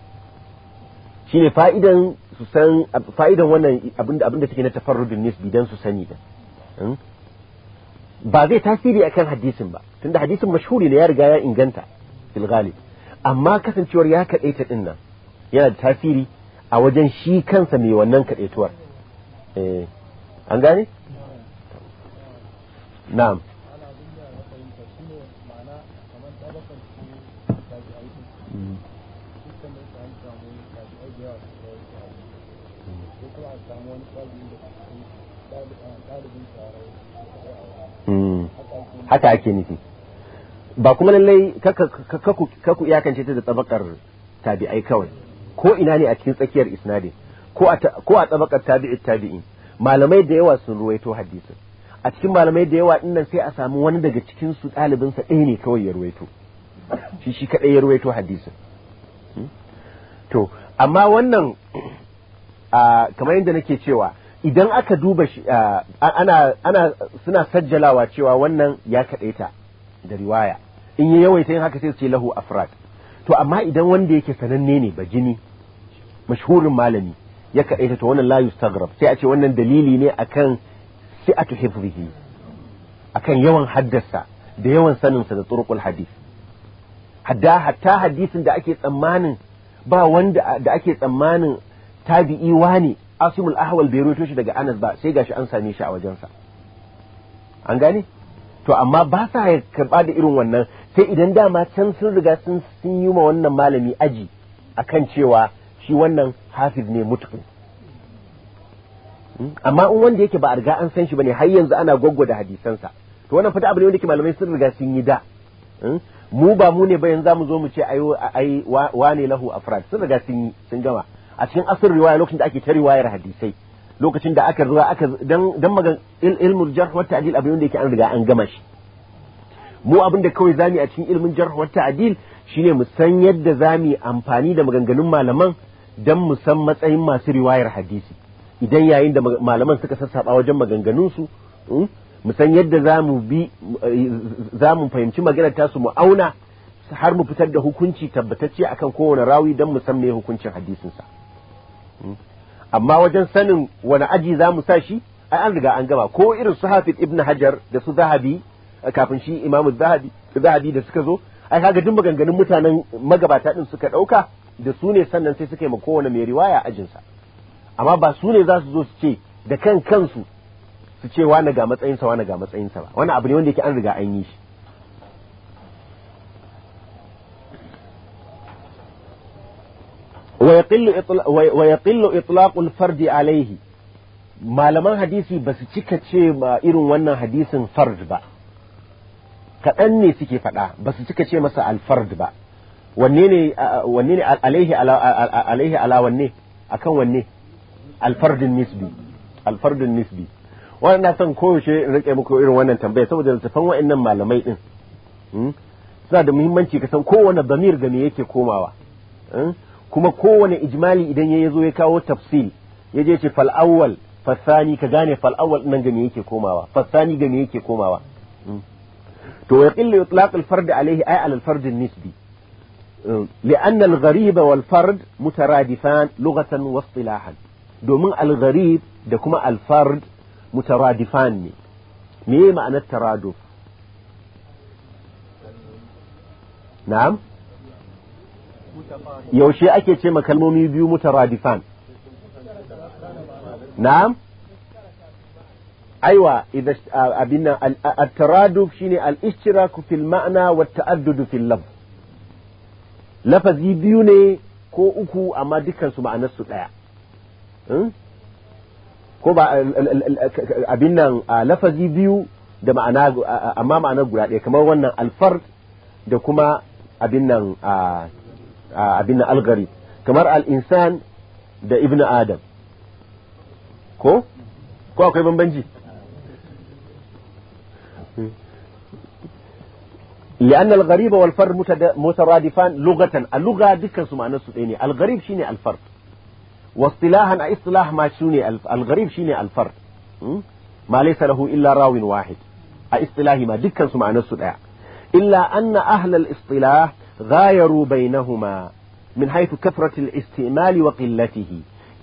shine fa'idan su san fa'idan wannan abinda abinda take na tafarrudin nisbi dan su sani da hmm? ba zai tasiri akan hadisin ba tunda hadisin mashhuri ne ya riga ya inganta fil amma kasancewar ya kadaita din nan yana da tasiri a wajen shi kansa mai wannan kadaituwar eh, an gane na'am haka ake nufi ba kuma lallai kaku iyakance ta da tsabakar tabi'ai kawai ko ina ne a cikin tsakiyar isnadi ko a tsabakar tabi'i tabi'i malamai da yawa sun ruwaito hadisin a cikin malamai da yawa dinnan sai a sami wani daga cikin su ɗalibinsa ɗaya ne kawai ya ruwaito shi shi kaɗai ya ruwaito hadisin hmm? to amma wannan kamar yadda nake cewa idan aka duba shi ana suna sajjalawa cewa wannan ya kaɗaita da riwaya in ya yawaita yin haka sai su ce lahu afrat to amma idan wanda yake sananne ne ba jini mashhurin malami ya kaɗaita to wannan layu yustagrab sai a ce wannan dalili ne a kan akan si'atu a kan yawan haddasa da yawan saninsa da turqul hadis hadda hatta hadisin da ake tsammanin ba wanda da ake tsammanin tabi'i ne. asim al-ahwal bai roto shi daga anas ba sai gashi an same shi a sa an gane to amma ba sa karba da irin wannan sai idan dama can sun riga sun sun yi ma wannan malami aji akan cewa shi wannan hafiz ne mutqin hmm? amma in wanda yake ba a riga an san shi bane har yanzu ana gwaggwada hadisansa to wannan fata abu ne wanda ke malamai sun riga sun yi da hmm? mu ba mu ne ba yanzu zamu zo mu ce ayo ai wane lahu afrad sun riga sun yi sun gama a cikin asirin riwaya lokacin da ake ta riwayar hadisai lokacin da aka zuwa aka dan dan magan ilmul jarh wa ta'dil abin da yake an riga an gama shi mu abin da kawai zamu a cikin ilmin jarh wa ta'dil shine mu san yadda zamu amfani da maganganun malaman dan mu san matsayin masu riwayar hadisi idan yayin da malaman suka sassaba wajen maganganun su hmm, mu san yadda zamu bi zamu fahimci maganar tasu mu auna har mu fitar da hukunci tabbatacce akan kowane rawi dan mu san me hukuncin hadisin sa amma wajen sanin wani aji za mu sa shi ai an riga an gama ko irin su hafi ibn hajar da su zahabi kafin shi imamu zahabi da suka zo ai kaga duk maganganun mutanen magabata din suka dauka da su ne sannan sai suka yi ma kowane mai riwaya ajinsa amma ba su ne za su zo su ce da kan kansu su ce wani ga matsayinsa wani ga matsayinsa ba wani abu ne wanda yake an riga an yi shi wa yaqillu itlaqul fardi alaihi malaman hadisi ba su cika ce ma irin wannan hadisin fard ba kaɗan ne suke faɗa ba su cika ce masa alfard ba wanne ne alaihi alaihi ala wanne akan wanne alfardin nisbi alfardin nisbi wannan na san koyaushe in rike muku irin wannan tambaya saboda littafan wa'annan malamai din hmm? suna da muhimmanci ka san kowane damir game yake komawa hmm? kuma kowane ijmali idan ya zo ya kawo tafsil ya je ce fal'awwal fasani ka gane fal'awwal nan ga me yake komawa fasani ga me yake komawa to ya qilla yutlaq al-fard alayhi ay al-fard nisbi wa istilahan domin al-gharib da kuma al-fard mutaradifan ne مي ma'anar taradu na'am yaushe ake ce kalmomi biyu mutaradifan na'am aiwa idan abin nan at shine al-ishtiraku fil ma'na wa ta'addudu taaddud fil lafz lafazi biyu ne ko uku amma dukkan su ma'anar su daya hmm? ko ba abin nan lafazi biyu da ma'ana amma ma'anar guda daya kamar wannan alfar da kuma abin nan abin algari kamar al'insan da ibn adam ko? ko akwai bambanci لأن الغريب والفرد مترادفان لغة اللغة دكا سمعنا سؤيني الغريب شيني الفرد واصطلاحا اصطلاح ما شيني الغريب شيني الفرد ما ليس له إلا راو واحد اصطلاح ما دكا سمعنا سؤيني إلا أن أهل الاصطلاح ghayaru bainahuma min haythu kafratil istimal wa qillatihi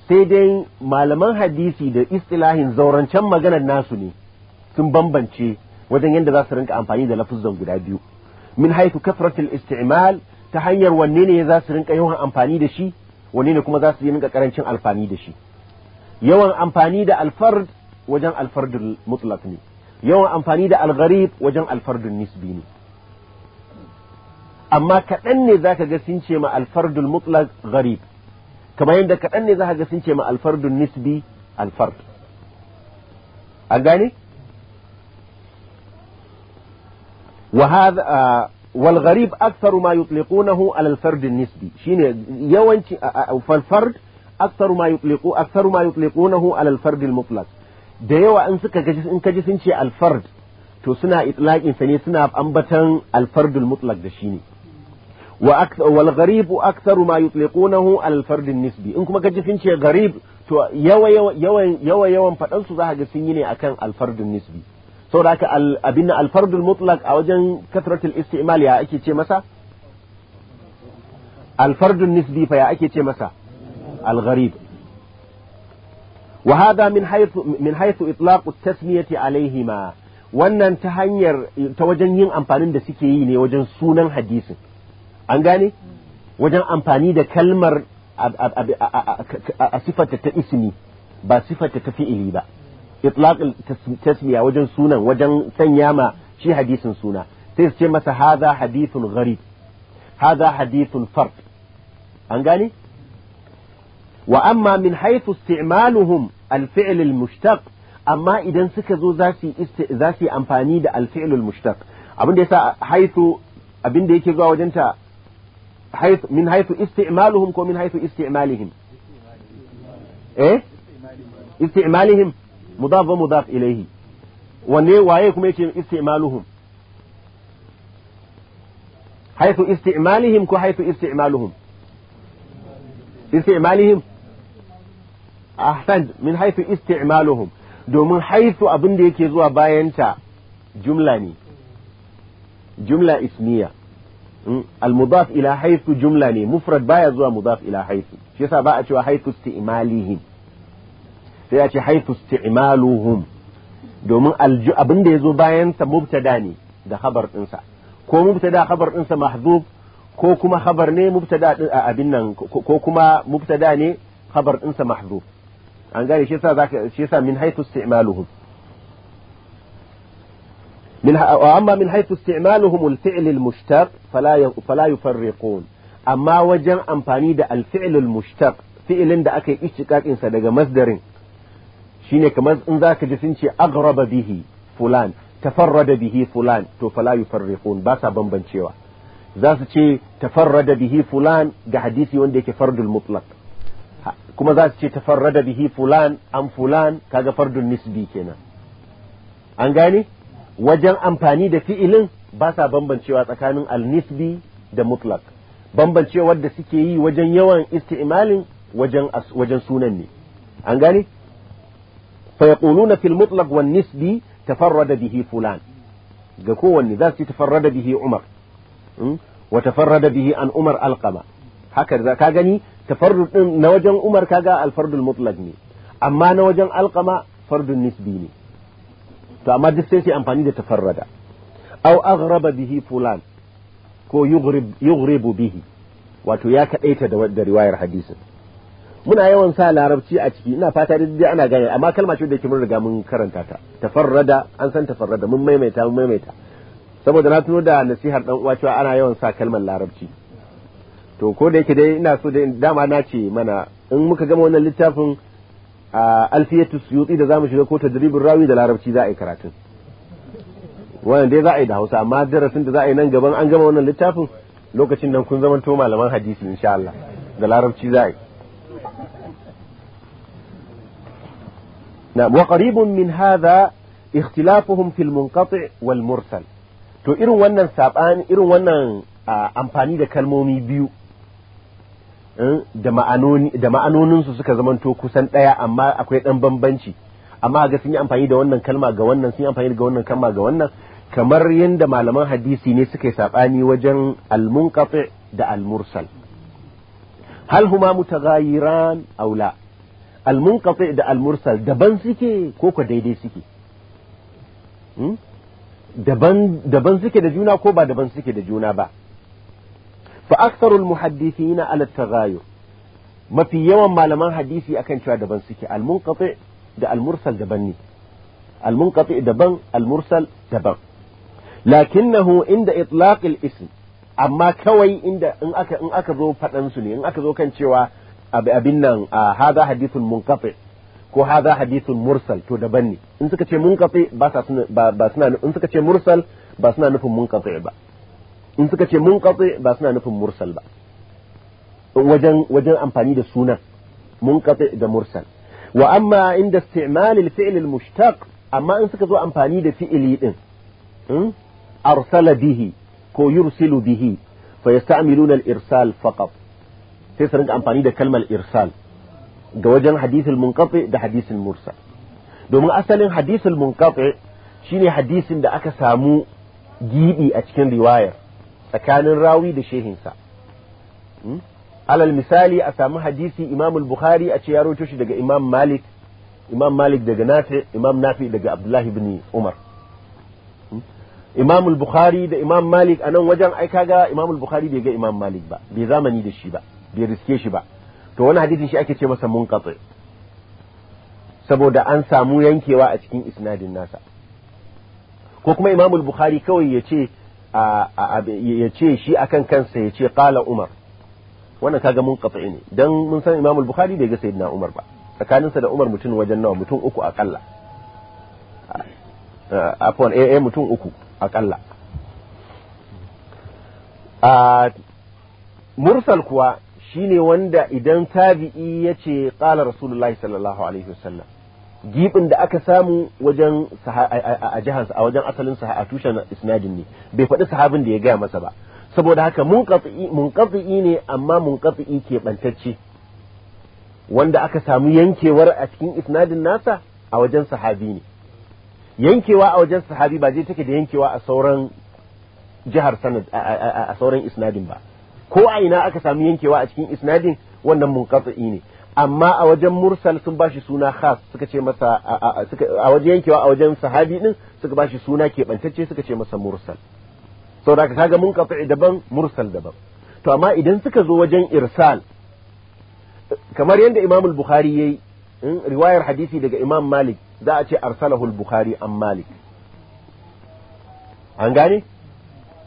sai dai malaman hadisi da istilahin can maganar nasu ne sun bambance wajen yadda za su rinka amfani da lafuzzan guda biyu min haythu kafratil istimal ta hanyar wanne ne za su rinka yawan amfani da shi wanne ne kuma za su rinka karancin alfani da shi yawan amfani da alfard wajen alfardul mutlaq ne yawan amfani da algarib wajen alfardul nisbi ne amma kaɗan ne za ka ga sun ce ma alfardun mutlaq gharib kamar yadda kaɗan ne za ka ga sun ce ma alfardun nisbi alfard an gane wal gharib aktharu ma yutliqunahu ala alfard nisbi shine yawanci fal fard aktharu ma yutliqu aktharu ma yutliqunahu ala alfard almutlaq da yawa in suka gaji in kaji sun ce alfard to suna itlaqin sa ne suna ambatan alfardul mutlaq da shi ne والغريب أكثر ما يطلقونه على الفرد النسبي إن كما كجي سنشي غريب تو يوى يوى يوى يوى يوى فتنسو ذا هجي سنيني أكان الفرد النسبي سو ذاك أبن الفرد المطلق أو جن كثرة الاستعمال يا أكي تي مسا الفرد النسبي فيا أكي تي مسا الغريب وهذا من حيث من حيث إطلاق التسمية عليهما wannan ta hanyar ta wajen yin amfanin da suke yi ne wajen sunan hadisin an gane wajen amfani da kalmar a sifarta ta ismi ba sifarta ta fi'ili ba itlaq tasmiya wajen sunan wajen sanya ma shi hadisin suna sai su ce masa hadha hadithun gharib hadha hadithun fard an gane wa amma min haythu isti'maluhum al-fi'l al-mushtaq amma idan suka zo za su amfani da al-fi'l al-mushtaq abinda yasa haythu abinda yake zuwa wajenta حيث من حيث استعمالهم ومن حيث استعمالهم eh isti'malihim mudaf wa mudaf waye kuma yake isti'maluhum haythu isti'malihim ko haythu isti'maluhum isti'malihim ahsan min haythu isti'maluhum domin haythu abinda da yake zuwa bayanta jumla ne jumla ismiya Hmm? al-mudaf ila jumla ne mufrad baya zuwa mudaf ila haythu shi yasa ba a cewa haythu isti'malihim sai a ce haythu isti'maluhum domin abin da yazo bayan sa ne da khabar dinsa ko mubtada khabar dinsa mahdhuf ko kuma khabar ne mubtada abin nan ko kuma mubtada ne khabar dinsa mahdhuf an gane shi yasa zaka shi yasa min haythu isti'maluhum من وأما من حيث استعمالهم الفعل المشتق فلا فلا يفرقون أما وجن أمفاني دا الفعل المشتق فعل دا أكي اشتقاق إنسا دا مصدر شيني كمز إن ذاك جسنشي أغرب به فلان تفرد به فلان تو فلا يفرقون باسا بمبن شوا ذاك تفرد به فلان دا حديثي وان ديك فرد المطلق كما za su تفرد به فلان fulan فلان كذا فرد النسبي nisbi kenan an wajen amfani da fi'ilin ba sa bambancewa tsakanin al da mutlak bambancewar da suke yi wajen yawan isti'malin wajen wajen sunan ne an gane fa yaquluna fil mutlaq wan nisbi tafarrada bihi fulan ga kowanne za su tafarrada bihi umar hmm? wa tafarrada bihi an umar alqama haka za ka gani tafarrud din na wajen umar kaga al-fardul mutlaq ne amma na wajen alqama fardun nisbi ne to amma duk sai sai amfani da tafarrada aw aghraba bihi fulan ko yughrib bihi wato ya kadaita da da riwayar hadisin muna yawan sa larabci a ciki ina fata da ana gane amma kalma ce da yake mun riga mun karanta ta tafarrada an san tafarrada mun maimaita mun maimaita saboda na tuno da nasihar dan uwa cewa ana yawan sa kalmar larabci to ko da yake dai ina so dai dama na ce mana in muka gama wannan littafin alfiyatu suyuti da zamu shiga ko tadribin rawi da larabci za a yi karatun wannan dai za a yi da Hausa amma darasin da za a yi nan gaban an gama wannan littafin lokacin nan kun zamanto malaman hadisi insha Allah da larabci za a yi wa qaribun min hadha ikhtilafuhum fil munqati' wal mursal to irin wannan sabani irin wannan amfani da kalmomi biyu da ma'anoninsu suka to kusan ɗaya amma akwai ɗan bambanci amma ga sun yi amfani da wannan kalma ga wannan sun yi amfani da wannan kalma ga wannan kamar yadda malaman hadisi ne suka yi saɓani wajen almunkafi da almursal hal huma mutaghayiran aw la almunkafi da almursal daban suke ko ko daidai suke hmm? daban suke da juna ko ba daban suke da juna ba fa aktharul muhaddithina ala taghayur mafi yawan malaman hadisi akan cewa daban suke al-munqati da almursal daban ne al-munqati daban al-mursal daban lakinnahu inda itlaq al amma kawai inda in aka in aka zo fadan su ne in aka zo kan cewa abin nan hada hadithun munqati ko hada hadithun mursal to daban ne in suka ce munqati ba suna ba suna in suka ce mursal ba suna nufin munqati ba in suka ce mun katse ba suna nufin mursal ba wajen wajen amfani da sunan mun katse da mursal wa amma inda isti'mal al mushtaq amma in suka zo amfani da fi'ili din hmm, arsala bihi ko yursilu bihi fa yasta'miluna al-irsal faqat sai su rinka amfani da kalmar irsal ga wajen hadithul munqati da hadithul mursal domin asalin hadithul munqati shine hadisin da aka samu gidi a cikin riwayar tsakanin rawi da shehinsa hmm? alal misali a samu hadisi imam bukhari a ce ya roto shi daga imam malik imam malik daga nafi imam nafi daga abdullahi ibn umar hmm? imam bukhari da imam malik a nan wajen ai kaga imam bukhari bai ga imam malik ba bai zamani da shi ba bai riske shi ba to wani hadisin shi ake ce masa katsi saboda an samu yankewa a cikin isnadin nasa ko kuma imam bukhari kawai ya ce ya ce shi akan kansa ya ce qala umar wannan kaga mun kafa ne don mun san imamul bukhari bai ga sayyidina umar ba tsakaninsa da umar mutum wajen nawa mutum uku akalla afon aa eh, eh, mutum uku akalla a mursal kuwa shine wanda idan tabi'i yace qala rasulullahi sallallahu alaihi wasallam gibin da aka samu wajen a jihansa a wajen asalin sa a tushen isnadin ne bai faɗi sahabin da ya gaya masa ba saboda haka mun munqati ne amma munqati ke bantacce wanda aka samu yankewar a cikin isnadin nasa a wajen sahabi ne yankewa a wajen sahabi ba zai take da yankewa a sauran jihar sanad a sauran isnadin ba ko a ina aka samu yankewa a cikin isnadin wannan mun munqati ne amma a wajen mursal sun ba shi suna khas suka ce masa a wajen yankewa a wajen sahabi din suka ba shi suna keɓantacce suka ce masa mursal da ka kaga mun kafa daban mursal daban to amma idan suka zo wajen irsal kamar yadda imam bukhari ya yayi hmm, riwayar hadisi daga imam malik za a ce arsalahu bukhari an malik an gane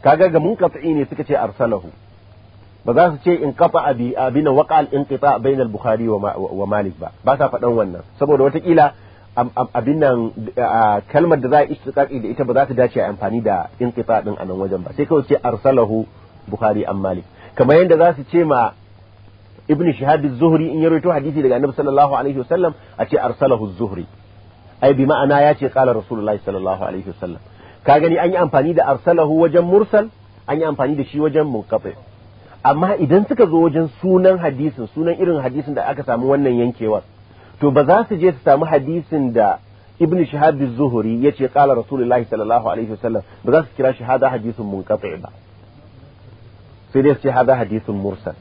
kaga ga mun ne suka ce arsalahu ba za su ce in kafa abi abin waqal inqita bainal bukhari wa malik ba ba sa faɗan wannan saboda watakila abin nan kalmar da za a istiqaqi da ita ba za ta dace a amfani da inqita din a nan wajen ba sai kawai ce arsalahu bukhari an malik kamar yadda za su ce ma ibn shihab az-zuhri in yaro rawaito hadisi daga annabi sallallahu alaihi wasallam a ce arsalahu az-zuhri ai bi ma'ana ya ce qala rasulullahi sallallahu alaihi wasallam ka gani an yi amfani da arsalahu wajen mursal an yi amfani da shi wajen munqati amma idan suka zo wajen sunan hadisin sunan irin hadisin da aka samu wannan yankewar to ba za su je su samu hadisin da ibn shahab az-zuhri yace qala rasulullahi sallallahu alaihi wasallam ba za su kira shi hada hadisin munqati ba sai dai su ce hada hadisin mursal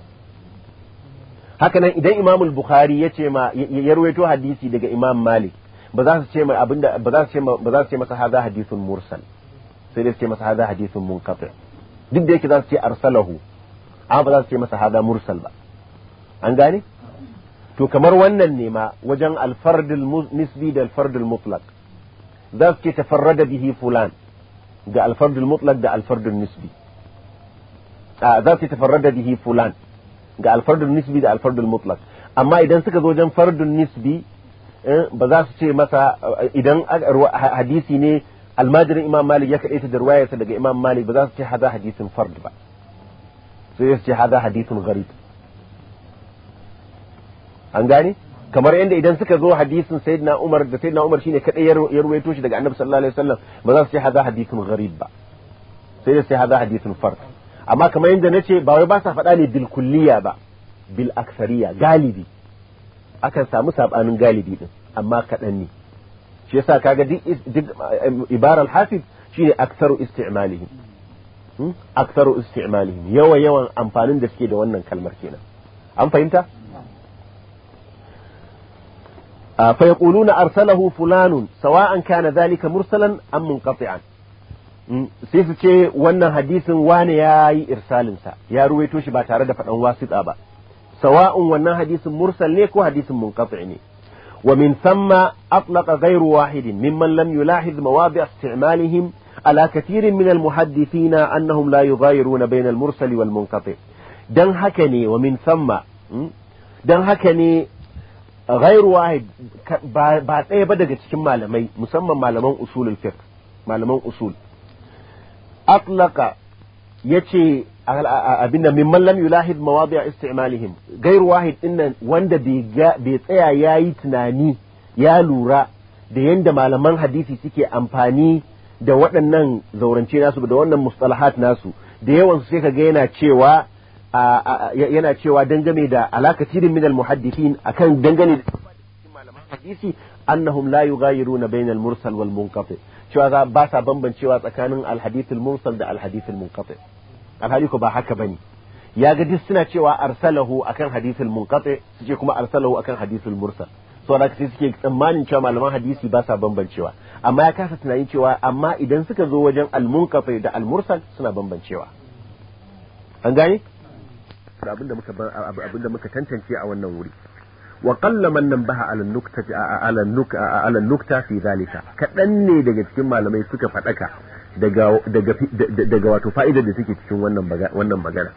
haka nan idan imam al-bukhari yace ma ya rawaito hadisi daga imam malik ba za su ce mai abinda ba za su ce ba za su ce masa hada hadisin mursal sai dai su ce masa hada hadisin munqati duk da yake za su ce arsalahu a ba za su ce masa hada mursal ba an gane to kamar wannan ne ma wajen alfardul nisbi da alfardul mutlaq za su ce tafarrada bihi fulan da alfardul mutlaq da alfardul nisbi a za su ce tafarrada bihi fulan ga alfardul nisbi da alfardul mutlaq amma idan suka zo wajen fardul nisbi eh, ba za su ce masa eh, idan hadisi ne almajirin imam malik ya ta da ruwayarsa daga imam malik ba za su ce hada hadisin fard ba sai su haza hadithun gharib an gane kamar yadda idan suka zo hadisin sayyidina Umar da sayyidina Umar shine kadai ya ruwaito shi daga Annabi sallallahu alaihi wasallam ba za su ce haza hadithun gharib ba sai da sai haza hadithun fard amma kamar yadda nace ba wai ba sa faɗa ne bil kulliya ba bil aksariya galibi akan samu sabanin galibi din amma kaɗan ne shi yasa kaga duk ibaral hafiz shine aksaru istimalihi Hmm? aksaru isti'malihim yawa yawan amfanin da suke da wannan kalmar kenan an fahimta fa yaquluna arsalahu fulanun sawa'an kana zalika mursalan am munqati'an hmm? sai su ce wannan hadisin wane yayi irsalin sa ya ruwaito shi ba tare da fadan wasita ba sawa'un wannan hadisin mursal ne ko hadisin munqati' ne ومن ثم أطلق غير واحد ممن لم يلاحظ مواضع استعمالهم على كثير من المحدثين أنهم لا يغايرون بين المرسل والمنقطع دن هكني ومن ثم دن هكني غير واحد بعد ايه بدأت كم معلمي مسمى معلمان أصول الفقه معلمان أصول أطلق يتي abinda mimman lam yulahid mawadi isti'malihim gair wahid innan wanda bai tsaya yayi tunani ya lura da yanda malaman hadisi suke amfani da waɗannan zaurance nasu da wannan mustalahat nasu da yawan sai ga yana cewa yana cewa dangane da da min almuhaddisin akan dangane da malaman hadisi annahum la yughayiruna bainal mursal wal munqati cewa za ba sa bambancewa tsakanin alhadithul mursal da alhadithul munqati alhali ko ba haka bane ya ga duk suna cewa arsalahu akan hadithul munqati su kuma arsalahu akan hadithul mursal saboda sai suke tsammanin cewa malaman hadisi ba sa bambancewa amma ya kasa tunanin cewa amma idan suka zo wajen almunkafi da almursal suna bambancewa an gane abinda muka abinda muka tantance a wannan wuri wa qalla man ba ala nukta ala nukta ala nukta fi zalika kadan ne daga cikin malamai suka fadaka daga daga daga wato fa'idar da suke cikin wannan wannan magana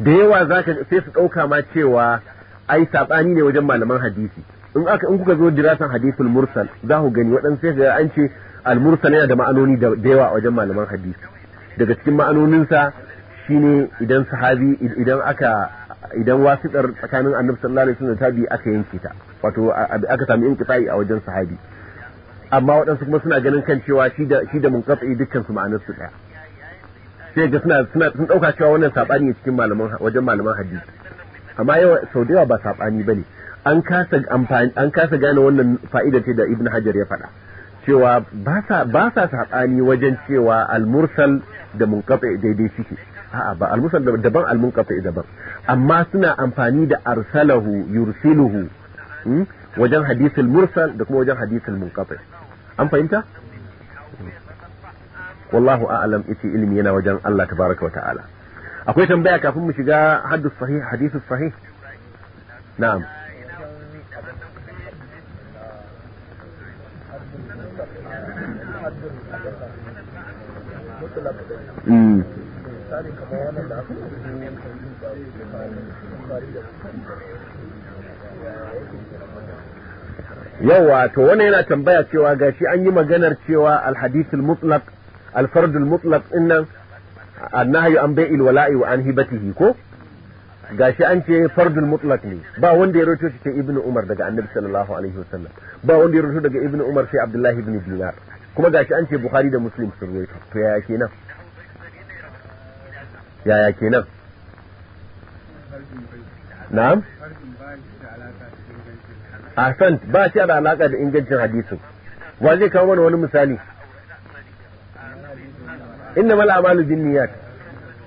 da yawa zaka sai su dauka ma cewa ai sabani ne wajen malaman hadisi in aka in kuka zo dirasan hadisul mursal za ku gani waɗansu sai ga an ce al mursal yana da ma'anoni da yawa wajen malaman hadisi daga cikin ma'anoninsa shine idan sahabi idan aka idan wasiƙar tsakanin annabi sallallahu alaihi wasallam da tabi aka yanke ta wato aka sami inqita'i a wajen sahabi amma waɗansu kuma suna ganin kan cewa shi da shi da munqati dukkan su ma'anar su daya sai ga suna suna sun dauka cewa wannan sabani ne cikin malaman wajen malaman hadisi amma yawa sau da yawa ba saɓani ba ne an kasa gane wannan fa'idar ce da ibn hajar ya faɗa cewa ba sa saɓani wajen cewa almursal da munkafe daidai suke a'a ba almursal daban almunkafe daban amma suna amfani da arsalahu yursiluhu hmm, wajen hadisul mursal da kuma wajen hadisul munkafe an fahimta wallahu a'lam yace ilimi yana wajen Allah tabaraka wa ta'ala akwai tambaya kafin mu shiga haddus sahih hadithus sahih na'am hmm. yawa to wani yana tambaya cewa gashi an yi maganar cewa alhadithul mutlaq alfardul mutlaq dinnan annahi an bai'il wala'i wa an hibatihi ko gashi an ce fardul mutlaq ne ba wanda ya rawaito shi ce ibnu umar daga annabi sallallahu alaihi wasallam ba wanda ya rawaito daga ibnu umar sai abdullahi ibn dinar kuma gashi an ce bukhari da muslim sun rawaito to yaya kenan yaya kenan na'am san ba shi da alaka da ingancin hadisin wa zai kawo mana wani misali innamal a'malu binniyat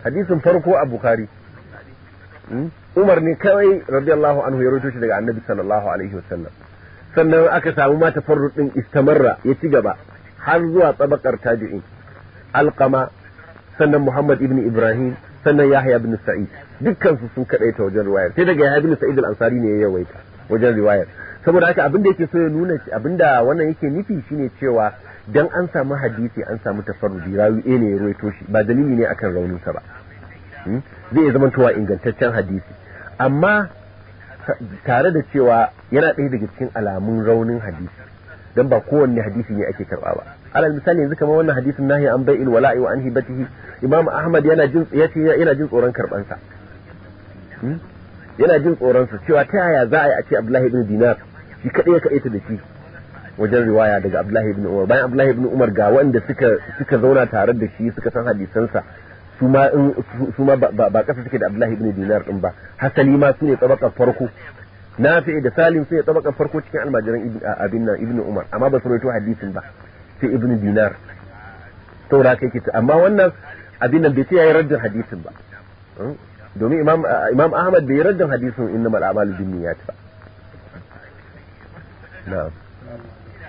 hadisin farko a bukhari umar ne kawai radiyallahu anhu ya rawaito shi daga annabi sallallahu alaihi wasallam sannan aka samu ma tafarrud din istamarra ya ci gaba har zuwa tsabakar tabi'in alqama sannan muhammad ibn ibrahim sannan yahya ibn sa'id dukkan su sun kadai ta wajen riwayar sai daga yahya ibn sa'id al-ansari ne ya yawaita wajen riwayar saboda haka abinda yake so ya nuna abinda wannan yake nufi shine cewa dan an samu hadisi an samu tafarrudi rawi eh ne ya ruwaito shi ba dalili ne akan rauninsa ba hmm? zai zama towa ingantaccen hadisi amma tare da cewa yana ɗaya daga cikin alamun raunin hadisi dan ba kowanne hadisi ne ake karba ba alal misali yanzu kamar wannan hadisin nahi an bai'il wala'i wa an hibatihi imam ahmad yana jin yace yana jin tsoron karban sa hmm? yana jin tsoron sa cewa ta yaya za a yi a ce abdullahi ibn dinar shi kadai ya kadaita da shi wajen riwaya daga Abdullahi ibn Umar bayan Abdullahi ibn Umar ga wanda suka suka zauna tare da shi suka san hadisansa su ma in su ma ba kasa suke da Abdullahi ibn Dinar din ba hasali ma su ne tabakar farko Nafi da Salim su ne tabakar farko cikin almajiran abin nan ibn Umar amma ba su rawaito hadisin ba sai ibn Dinar saura kai kita amma wannan abin nan bai ce yayi raddin hadisin ba hmm? domin imam imam Ahmad bai raddin hadisin innamal a'malu binniyat ba na'am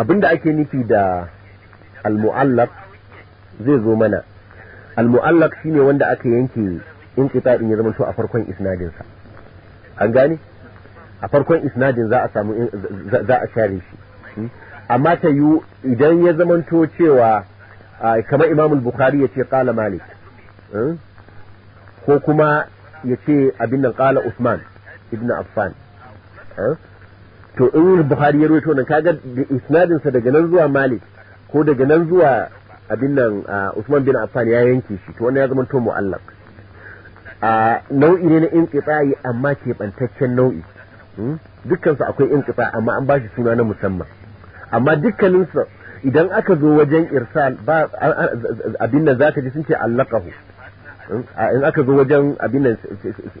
abinda ake nufi da al-mu'allaq zai zo mana al-mu'allaq shine wanda aka yanke in inqita'in ya zama to a farkon isnadin sa an gane a farkon isnadin za a samu za a share shi hmm? amma ta yu idan ya zama to cewa kamar Imam al-Bukhari ce qala Malik hmm? ko kuma ya ce abin nan qala Usman ibn Affan hmm? to in buhari ya ruwaito nan kaga isnadin sa daga nan zuwa malik ko daga nan zuwa abin nan usman bin affan ya yanke shi to wannan ya zama to mu'allaq a nau'i ne na inqita'i amma ke bantaccen nau'i dukkan su akwai inqita amma an bashi suna na musamman amma dukkanin su idan aka zo wajen irsal ba abin nan zaka ji sun ce allaqahu in aka zo wajen abin nan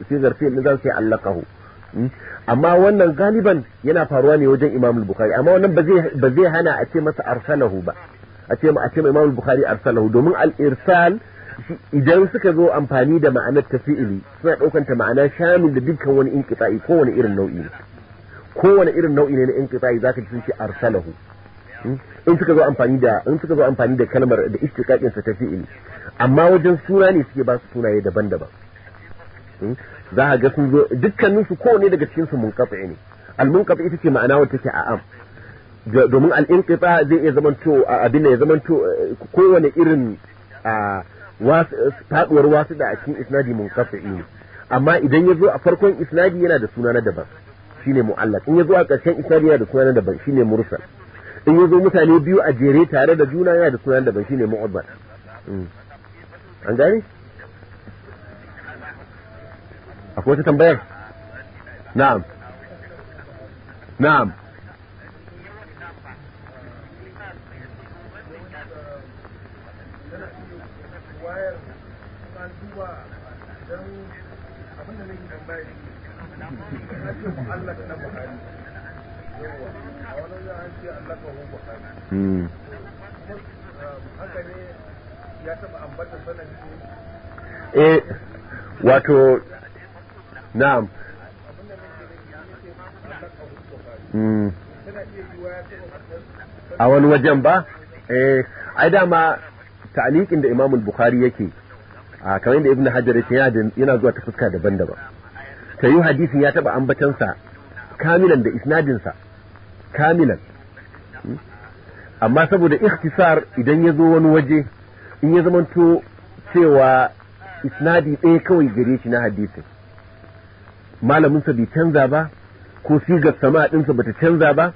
sigar fi'il zan ce allaqahu Hmm? amma wannan galiban yana faruwa ne wajen imam bukhari amma wannan ba zai hana a ce masa arsalahu ba a ce ma a ce imam bukhari arsalahu domin al-irsal idan suka zo amfani da ma'anar tafi'ili suna daukar ta ma'ana shamil da dukkan wani inqita'i wani irin nau'i ne wani irin nau'i ne na inqita'i zaka ji sun ce arsalahu hmm? in suka zo amfani da in suka zo amfani da kalmar da istiqaqin sa tafi'ili amma wajen suna ne suke ba su sunaye daban-daban hmm? za a ga sun zo dukkaninsu kowane daga cikinsu munkafi ne almunkafi ita ce ma'ana wata take a am domin al'inqita zai iya zamanto abin da ya zamanto eh, kowane irin faduwar wasu da a cikin isnadi munkafi ne amma idan ya zo a farkon isnadi yana da suna na daban shine mu'allaq in ya zo a ƙarshen isnadi yana da suna na daban shine mursal in ya zo mutane biyu a jere tare da juna yana da suna na daban shine mu'abbad hmm. an gane akwai wata tambayar na'am na'am hmm. eh, wato na'am hmm. a wani wajen ba eh ai dama ta'liqin da Imam al-Bukhari yake a kamar da Ibn Hajar yake yana zuwa ta fuska daban-daban sai hadisin ya taba ambatan sa kamilan da isnadin sa kamilan hmm. amma saboda ikhtisar idan ya zo wani waje in ya zamanto cewa isnadi ɗaya kawai gare shi na hadisin malaminsa bai canza ba ko sigar sama ɗinsa bata canza ba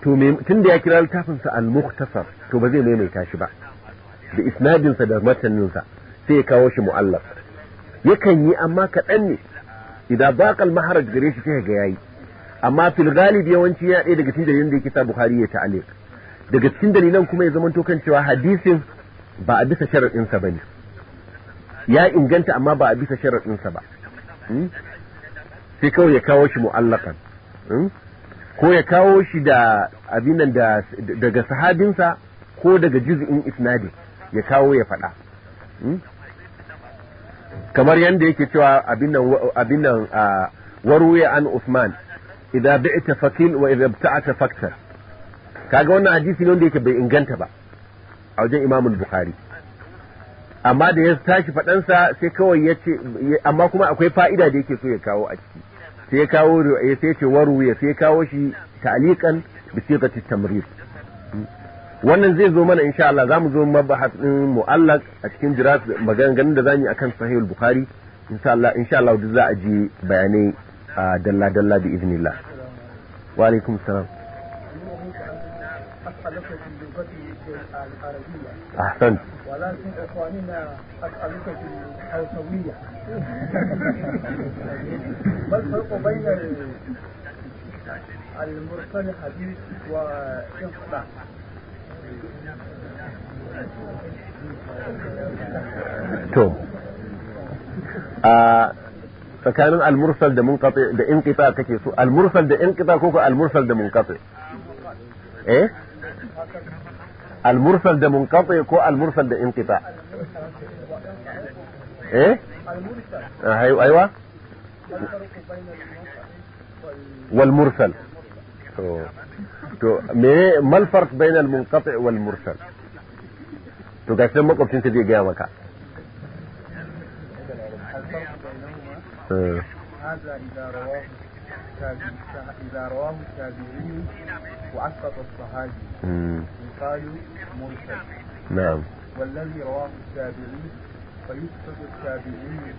to tun da ya kira littafinsa al-mukhtasar to ba zai maimaita shi ba da isnadinsa da sa sai ya kawo shi mu'allaf yakan yi amma kaɗan ne idan kal maharaj gare shi sai ga yayi amma fil galib yawanci ya ɗaya daga cikin dalilan da yake sa Bukhari ya ta'alliq daga cikin dalilan kuma ya zamanto kan cewa hadisin ba a bisa sharaɗinsa ba ne ya inganta amma ba a bisa sharaɗinsa ba hmm? sai kawai ya kawo shi mu'allakan hmm? ko ya kawo shi da abinan da daga sahabinsa ko daga juz'in isnadi ya kawo ya faɗa hmm? kamar yadda yake cewa abinan abinan waruya an Usman idza bi'ta fakil wa idza kaga wannan hadisi ne wanda yake bai inganta ba a wajen Imam Bukhari amma da ya tashi faɗansa sai kawai ya ce amma kuma akwai fa'ida da yake so ya kawo a ciki sai ya kawo eh, ya sai ce waru ya sai kawo shi ta'liqan bi siqati tamrid wannan zai zo mana insha Allah zamu zo mabahas din mu'allaq a cikin jiras maganganun da zamu yi akan sahih al-bukhari insha Allah insha Allah duk za a ji bayanai a dalla dalla bi iznillah wa alaikum salam ahsan ولكن اخواننا اسالوك في الحوثوية ما الفرق بين المرسل حديث والاصلاح تو آه، فكان المرسل ده منقطع ده انقطاع كي المرسل ده انقطاع كوكو المرسل ده منقطع ايه المرسل ده منقطع كو المرسل ده انقطاع ايه ايوه ايوه والمرسل تو ما الفرق بين المنقطع والمرسل تو قاعد تسمى قبتين تدي جاوكا هذا اذا رواه إذا رواه الشاذلي وأسقط الصحابي يقال مرسل نعم والذي رواه الشاذلي فيسقط التابعي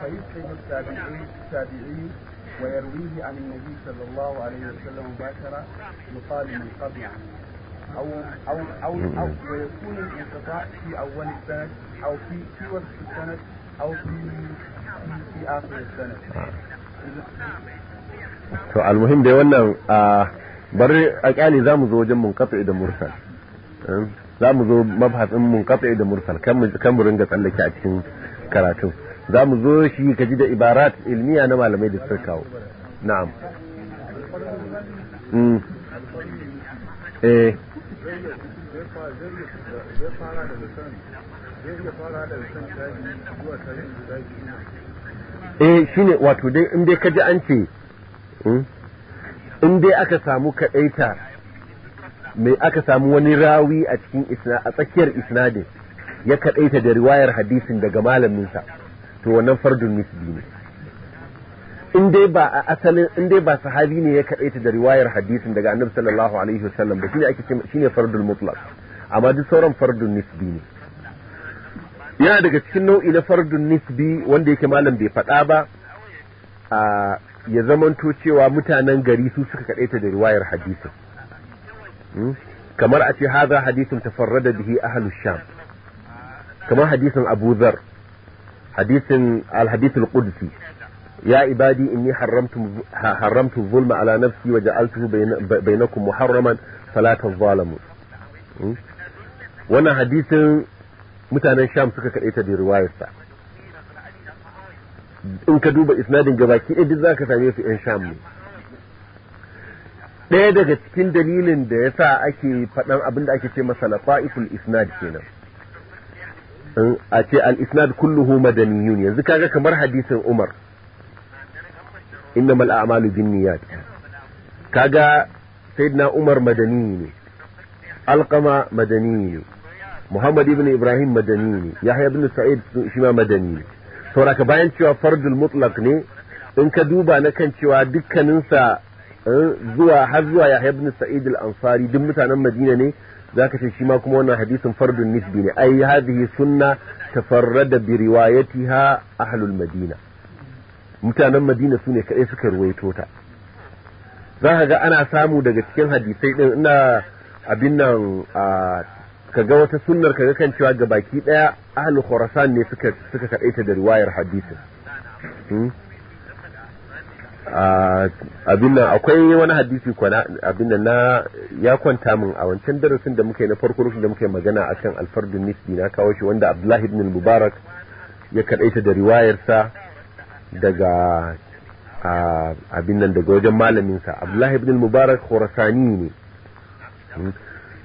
فيسقط التابعي التابعي ويرويه عن النبي صلى الله عليه وسلم مباشرة يقال من قبل أو أو أو, أو ويكون الانقطاع في أول السند أو في في وسط السند أو في آخر السنة to almuhim dai wannan a bari a kyali za mu zo wajen munkafi da mursal hmm? za mu zo mabhatsin munkafi da mursal kan mu ringa tsallake a cikin karatun za mu zo shi ka ji da ibarat ilmiya na malamai da suka kawo na'am hmm. eh eh shine wato dai in dai ka ji an ce hmm, in dai aka samu kaɗaita mai aka samu wani rawi a cikin isna a tsakiyar isnadin ya kaɗaita da riwayar hadisin daga malaminsa to wannan fardun nisbi ne in dai ba a asalin in dai ba sahabi ne ya kaɗaita da riwayar hadisin daga annabi sallallahu alaihi wasallam ba shine ake shine fardul mutlaq amma duk sauran fardun nisbi ne yana daga cikin nau'i na fardun nisbi wanda yake malam bai faɗa ba a ya zamanto cewa mutanen gari su suka kaɗaita da riwayar hadisin hmm? kamar a ce haza hadisin tafarrada bihi ahlus sham kamar hadisin Abu Dharr hadisin al-hadithul qudsi ya ibadi inni haramtu haramtu zulma ala nafsi wa ja'altuhu bainakum muharraman fala tazalamu hmm? wannan hadisin mutanen sham suka kaɗe ta da riwayarsa in ka duba isnadin gabaki ɗaya duk za ka same su 'yan sham ne ɗaya daga cikin dalilin da ya sa ake faɗan abinda ake ce masa lafa'iful isnad kenan a ce al-isnad kulluhu madaniyun yanzu kaga kamar hadisin umar innamal a'malu binniyat kaga sayyidina umar madani ne alqama madani ne muhammad ibn ibrahim madani ne yahya ibn sa'id shi ma madani ne sauraka bayan cewa fardul mutlaq ne in ka duba na kan cewa dukkaninsa eh, zuwa har zuwa yahya ibn sa'id al-ansari duk mutanen madina ne zaka ce shi ma kuma wannan hadisin fardun nisbi ne ai hadhihi sunna tafarrada bi riwayatiha ahlul madina mutanen madina su ne suka ruwaito ta za ka ga ana samu daga cikin hadisai din ina abin nan a ka ga wata sunnar ka ga kan cewa ga baki daya ahli khurasan ne suka suka kadaita da riwayar hadisi hmm? ah, abin nan akwai wani hadisi kwana abin nan ya kwanta min a wancan darasin da muke na farko lokacin da muke magana akan alfardun nisbi na kawo shi wanda abdullahi ibn mubarak ya kadaita da riwayar sa daga ah, abin nan daga wajen malaminsa abdullahi ibn mubarak khurasani ne hmm?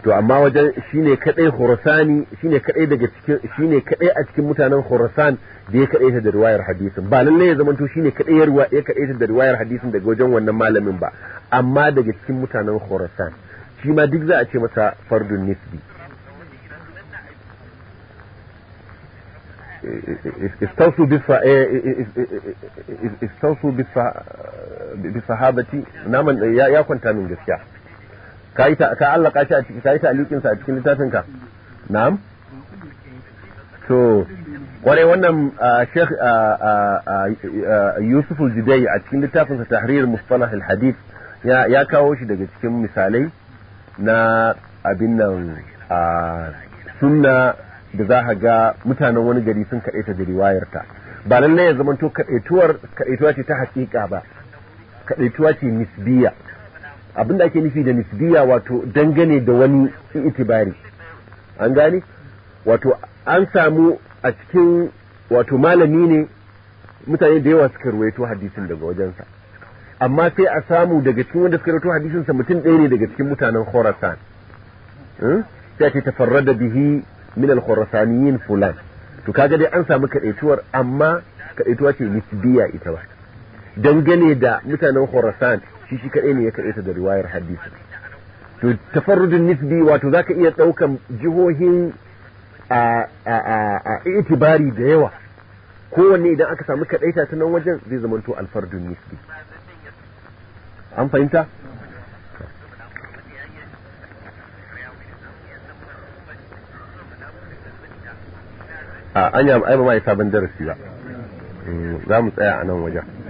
to amma wajen shine kadai khurasani shine kadai daga cikin shine kadai a cikin mutanen khurasan da ya kadai ta da riwayar hadisin ba lalle ya zamanto shine kadai ya ruwa ya kadai ta da riwayar hadisin daga wajen wannan malamin ba amma daga cikin mutanen khurasan shi ma duk za a ce masa fardun nisbi استوصوا بالص... استوصوا بالص... بالصحابة نعم يا يا كنت من جسيا ka yi ka allaka shi a cikin yi sa a cikin littafin ka na'am to kwarai wannan Sheikh Yusuf al-Judai a cikin littafin sa Tahrir Mustalah al-Hadith ya kawo shi daga cikin misalai na abin nan sunna da za ga mutanen wani gari sun ta da riwayarta ba lallai ya zamanto kaɗaituwar kaɗaituwa ce ta haƙiƙa ba kaɗaituwa ce nisbiya Abin da ake nufi da nisbiya wato dangane da wani itibari an gani wato an samu a cikin wato malami ne mutane da yawa suka ruwaito hadisin daga wajensa amma sai a samu daga cikin wanda suka ruwaito hadisinsa mutum ɗaya ne daga cikin mutanen khorasan hmm? sai ake tafarrada bihi min al-khorasaniyin fulan to kaga dai an samu kadaituwar amma kadaituwa ce nisbiya ita ba dangane da mutanen khorasan shi shi kaɗai ne ya kaɗai ta da riwayar hadisi to tafarrudin nisbi wato za ka iya ɗaukan jihohin a itibari da yawa kowanne idan aka samu kaɗaita ta nan wajen zai to alfardun nisbi an fahimta a an yi ai ba sabon darasi ba hmm, za mu tsaya a nan wajen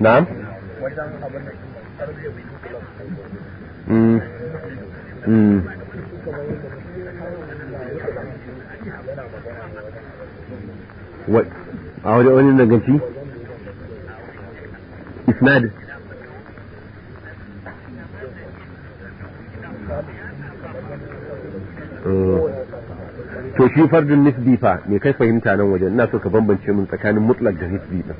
na'am a wajen wani daganci isnad to shi fardin nisbi fa me kai fahimta nan wajen na so ka bambance min tsakanin mutlak da nisbi din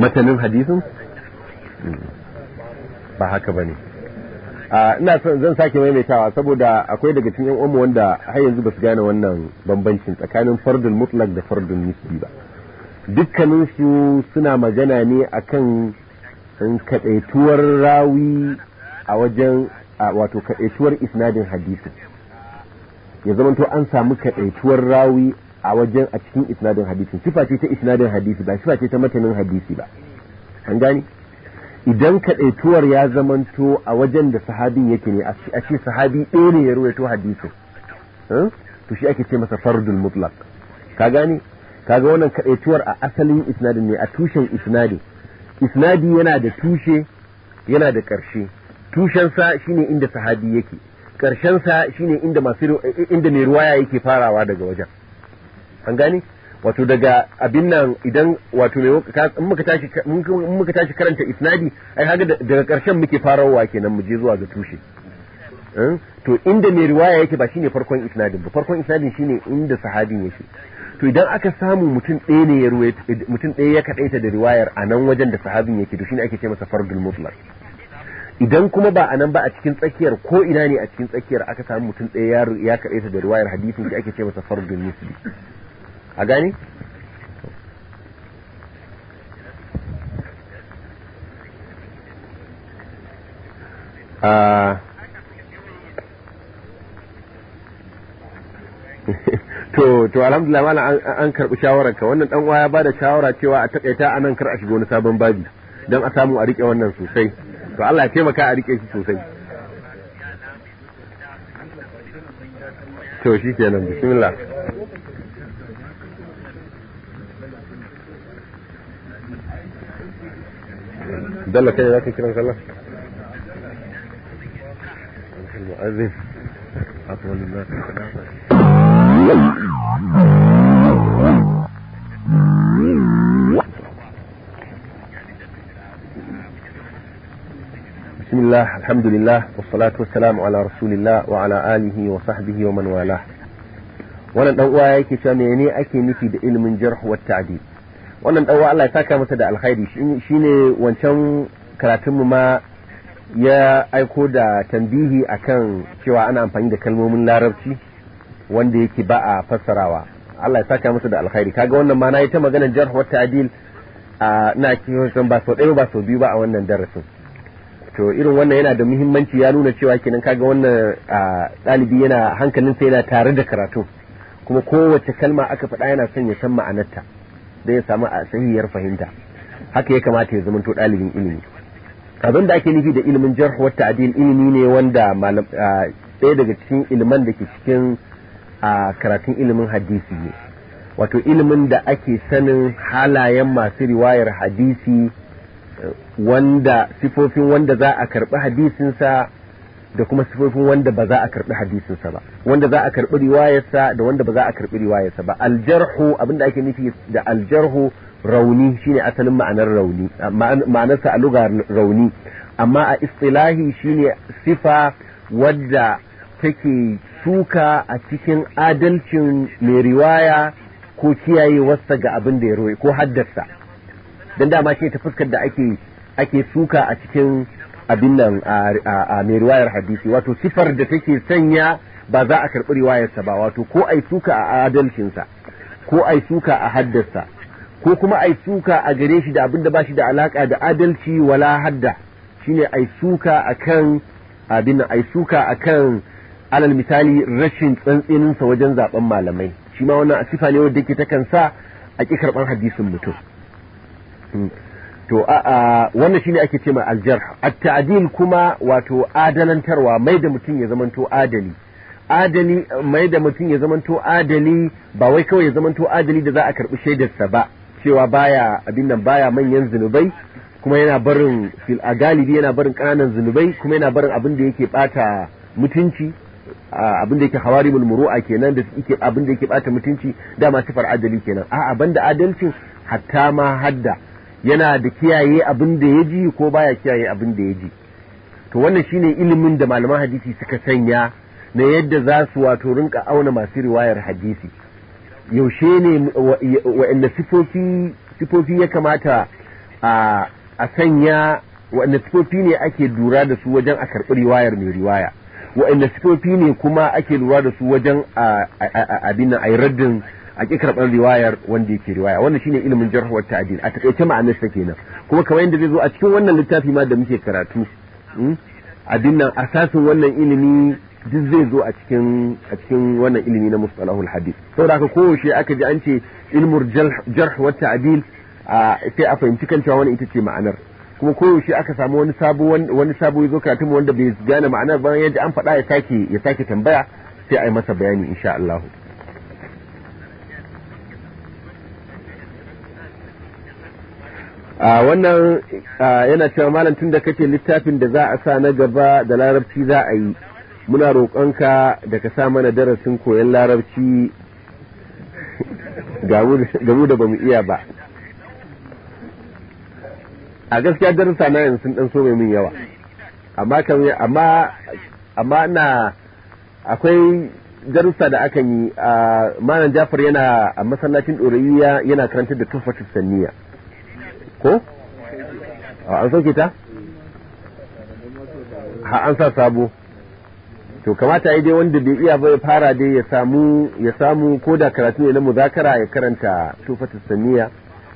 matanin hadisin ba haka bane ina zan sake maimaitawa saboda akwai daga cikin yan wanda har yanzu ba su gane wannan bambancin tsakanin fardul mutlak da fardul nisbi ba dukkanin su suna magana ne akan kadaituwar rawi a wajen wato kadaituwar isnadin hadisi ya zama to an samu kaɗaituwar rawi a wajen a cikin isnadin hadisi sifa ce ta isnadin hadisi ba sifa ce ta matanin hadisi ba an gani idan kadaituwar ya zamanto a wajen da sahabin yake ne a ce sahabi ɗaya ne ya ruwaito hadisi eh? to shi ake ce masa fardul mutlaq ka gani kaga wannan kadaituwar a asalin isnadin ne a tushen isnadi isnadi yana da tushe yana da ƙarshe tushensa shine inda sahabi yake ƙarshensa shine inda masu inda mai ruwaya yake farawa daga wajen an gani wato daga abin nan idan wato mai muka tashi in muka tashi karanta isnadi ai haka daga karshen muke farawa kenan mu je zuwa ga tushe eh? to inda mai riwaya yake ba shine farkon isnadin ba farkon isnadin shine inda sahabin yake to idan aka samu mutum ɗaya ne ya mutum ɗaya ya kadaita da riwayar a nan wajen da sahabin yake to shine ake ce masa fardul mutlaq idan kuma ba a nan ba a cikin tsakiyar ko ina ne a cikin tsakiyar aka samu mutum ɗaya ya kadaita da riwayar hadisin shi ake ce masa fardul muslim a gani ah. to to alhamdulillah malam an karbi shawara ka wannan dan ya bada shawara cewa a takaita anan kar a shiga wani sabon babi dan a samu a rike wannan sosai to Allah ya taimaka a rike shi sosai to shi kenan bismillah دلك كده لكن كده خلاص المؤذن أطول بسم الله الحمد لله والصلاة والسلام على رسول الله وعلى آله وصحبه ومن والاه ولن dan uwa سامعني أكي نفيد علم nufi da wannan ɗanwa Allah ya saka masa da alkhairi shi ne wancan karatunmu ma ya aiko da tambihi akan cewa ana amfani da kalmomin larabci wanda yake ba a fassarawa Allah ya saka masa da alkhairi kaga wannan ma na yi ta maganar jarh wa ta'dil a na kiyon ba sau ɗaya ba sau biyu ba a wannan darasin to irin wannan yana da muhimmanci ya nuna cewa kenan kaga wannan ɗalibi yana hankalinsa yana tare da karatu kuma kowace kalma aka faɗa yana son ya san ma'anarta da ya samu a sahihiyar fahimta haka ya kamata ya zamanto dalibin ilimi abin da ake nufi da ilimin jarh wa ta'dil ilimi ne wanda ɗaya daga cikin ilman da ke cikin karatun ilimin hadisi ne wato ilimin da ake sanin halayen masu riwayar hadisi wanda sifofin wanda za a karɓi hadisinsa da kuma sifofin wanda ba za a karbi hadisinsa ba wanda za a karbi riwayarsa da wanda ba za a karbi riwayarsa ba aljarhu abinda ake nufi da aljarhu rauni shine asalin ma'anar rauni ma'anarsa a lugar rauni amma a istilahi shine sifa wadda take suka a cikin adalcin mai riwaya ko wasa ga abin da ya roye ko haddasa don dama shi ta fuskar da ake suka a cikin abin nan a mai riwayar hadisi wato sifar da take sanya ba za a karɓi riwayarsa ba wato ko ai suka a adalcinsa ko ai suka a haddarsa ko kuma ai suka a gare shi da abin da ba shi da alaka da adalci wala hadda shine ai suka akan abin ai suka akan alal misali rashin tsantsininsa wajen zaben malamai shi ma wannan sifa ne wanda yake takan sa a ƙi karɓar hadisin mutum hmm. to a wannan shine ake ce ma aljarh at-ta'dil kuma wato adalantarwa mai da mutum ya zamanto adali adali mai da mutum ya zamanto adali ba wai kawai ya zamanto adali da za a karbi shaidarsa ba cewa baya abin nan baya manyan zunubai kuma yana barin fil galibi yana barin kananan zunubai kuma yana barin abin da yake bata mutunci abin da yake hawarimul muru'a kenan da yake abin da yake bata mutunci dama sifar adali kenan a'a banda adalcin hatta ma hadda yana da kiyaye abin da ya ji ko baya kiyaye abin da ya ji to wannan shine ilimin da malaman hadisi suka sanya na yadda za su wato rinka auna masu riwayar hadisi yaushe ne waɗanda sifofi ya kamata a sanya waɗanda sifofi ne ake lura da su wajen a karɓi riwayar mai riwaya waɗanda sifofi ne kuma ake lura da su wajen abin a yi raddin a ƙi karɓar riwayar wanda yake riwaya wannan shine ilimin jarh wa ta'dil a takaice ma'anar sa kenan kuma kamar yadda zai zo a cikin wannan littafi ma da muke karatu hmm, abin nan asasin wannan ilimi duk zai zo a cikin a cikin wannan ilimi na mustalahul hadith saboda haka kowace aka ji an ce ilmul jarh wa ta'dil sai a fahimci kan cewa wannan ita ce ma'anar kuma koyaushe aka samu wani sabo wani sabo yazo wanda bai gane ma'anar ba yadda an faɗa ya sake ya sake tambaya sai a yi masa bayani insha Allah a wannan yana cewa malam tun da kake littafin da za a sa na gaba da larabci za a yi muna roƙonka da ka sa mana darasin koyon larabci gamu da bamu iya ba a gaskiya darasa na yanzu sun dan so mai min yawa amma kan amma na akwai darussa da akan yi a malam jafar yana a masallacin ɗorayi yana karantar da tufatul sanniya ko a an sauke ta ha an sa sabo to kamata yi dai wanda bai iya bai fara dai ya samu ya samu ko da karatu ne na muzakara ya karanta tufatu samiya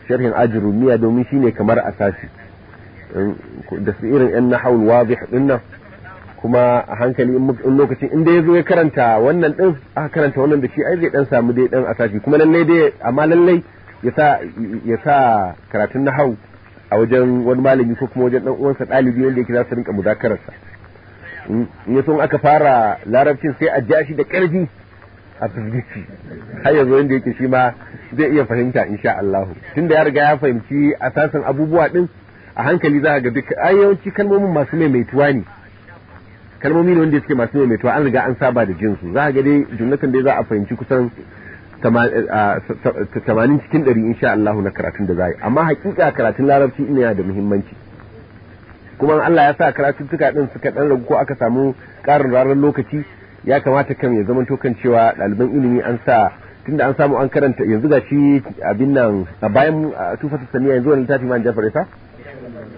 sharhin miya domin shine kamar asasi da su irin yan nahawul wadih dinnan kuma a hankali in lokacin inda ya zo ya karanta wannan din aka karanta wannan da shi ai zai dan samu dai dan asasi kuma lalle dai amma lalle ya sa karatun hau a wajen wani malami ko kuma wajen dan uwansa dalibi wanda yake za su rinka mudakararsa sa in sun aka fara larabcin sai a ja shi da karfi a fusgici har yanzu wanda yake shi ma zai iya fahimta insha Allah tunda ya riga ya fahimci asasin abubuwa din a hankali za ga duk yawanci kalmomin masu maimaituwa ne kalmomi ne wanda suke masu maimaituwa an riga an saba da jinsu za ga dai jumlatan dai za a fahimci kusan 80 cikin 100 insha Allah na karatun da zai amma hakika karatun larabci ina yana da muhimmanci kuma Allah ya sa karatun tuka din suka dan ragu ko aka samu karin rarar lokaci ya kamata kam ya zama tokan cewa ɗaliban ilimi an sa tunda an samu an karanta yanzu ga shi abin nan a bayan tufata saniya yanzu wani littafi man jafar isa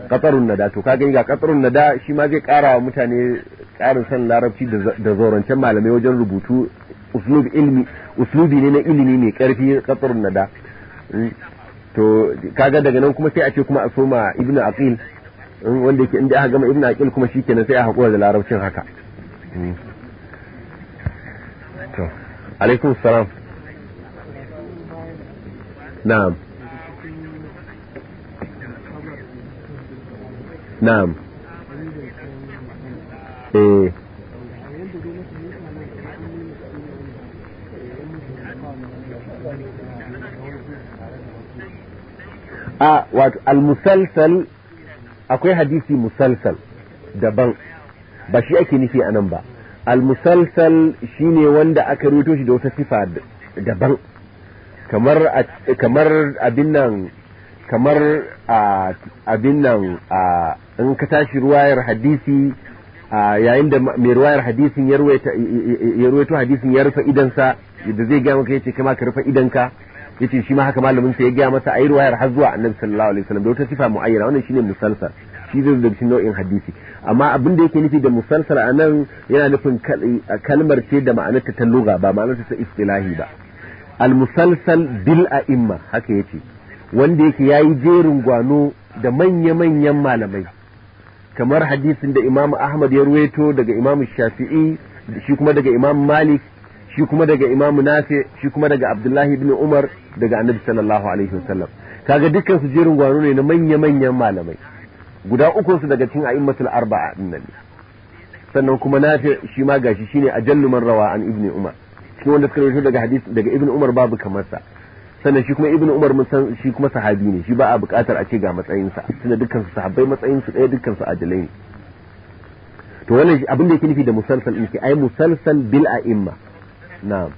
katsarun nada to ka gani ga katsarun nada shi ma zai kara wa mutane karin san larabci da zorancen malamai wajen rubutu uslub ilmi uslubi ne na ilimi mai karfi na nada to kaga daga nan kuma sai a ce kuma a soma ibnu aqil wanda yake inda aka gama ibnu aqil kuma shikenan sai a hakura da larabcin haka to alaikum salam na'am na'am eh a wato al-musalsal akwai hadisi musalsal daban ba shi ake nufi a nan ba al-musalsal shine wanda aka rubuto shi da wata sifa daban kamar kamar abin nan kamar abin nan in ka tashi ruwayar hadisi yayin da mai ruwayar hadisin ya ruwaito hadisin ya rufe idansa da zai gaya maka yace kama ka rufe idanka yace shi ma haka malamin sa ya gaya masa ayi ruwayar har zuwa annabi sallallahu alaihi wasallam da wata sifa muayyana wannan shine musalsal shi zai da cikin nau'in hadisi amma abin da yake nufi da musalsal anan yana nufin kalmar ce da ma'anarta ta lugha ba ma'anarta ta istilahi ba al musalsal bil a'imma haka yace wanda yake yayi jerin gwano da manya-manyan malamai kamar hadisin da Imam Ahmad ya ruwaito daga Imam Shafi'i shi kuma daga imamu Malik shi kuma daga imamu nafe shi kuma daga abdullahi ibn umar daga annabi sallallahu alaihi wasallam kaga dukkan su jerin gwano ne na manya manyan malamai guda uku su daga cikin a'immatul arba'a din nan sannan kuma nafe shi ma gashi shine ajallu man rawa an ibn umar shi wanda suka rawaito daga hadisi daga ibn umar babu kamar sa sannan shi kuma ibn umar mun san shi kuma sahabi ne shi ba a buƙatar a ce ga matsayin sa tunda dukkan su sahabbai matsayin su ɗaya dukkan su ajalai ne to wannan abin da yake nufi da musalsal in ke ai musalsal bil a'imma na'am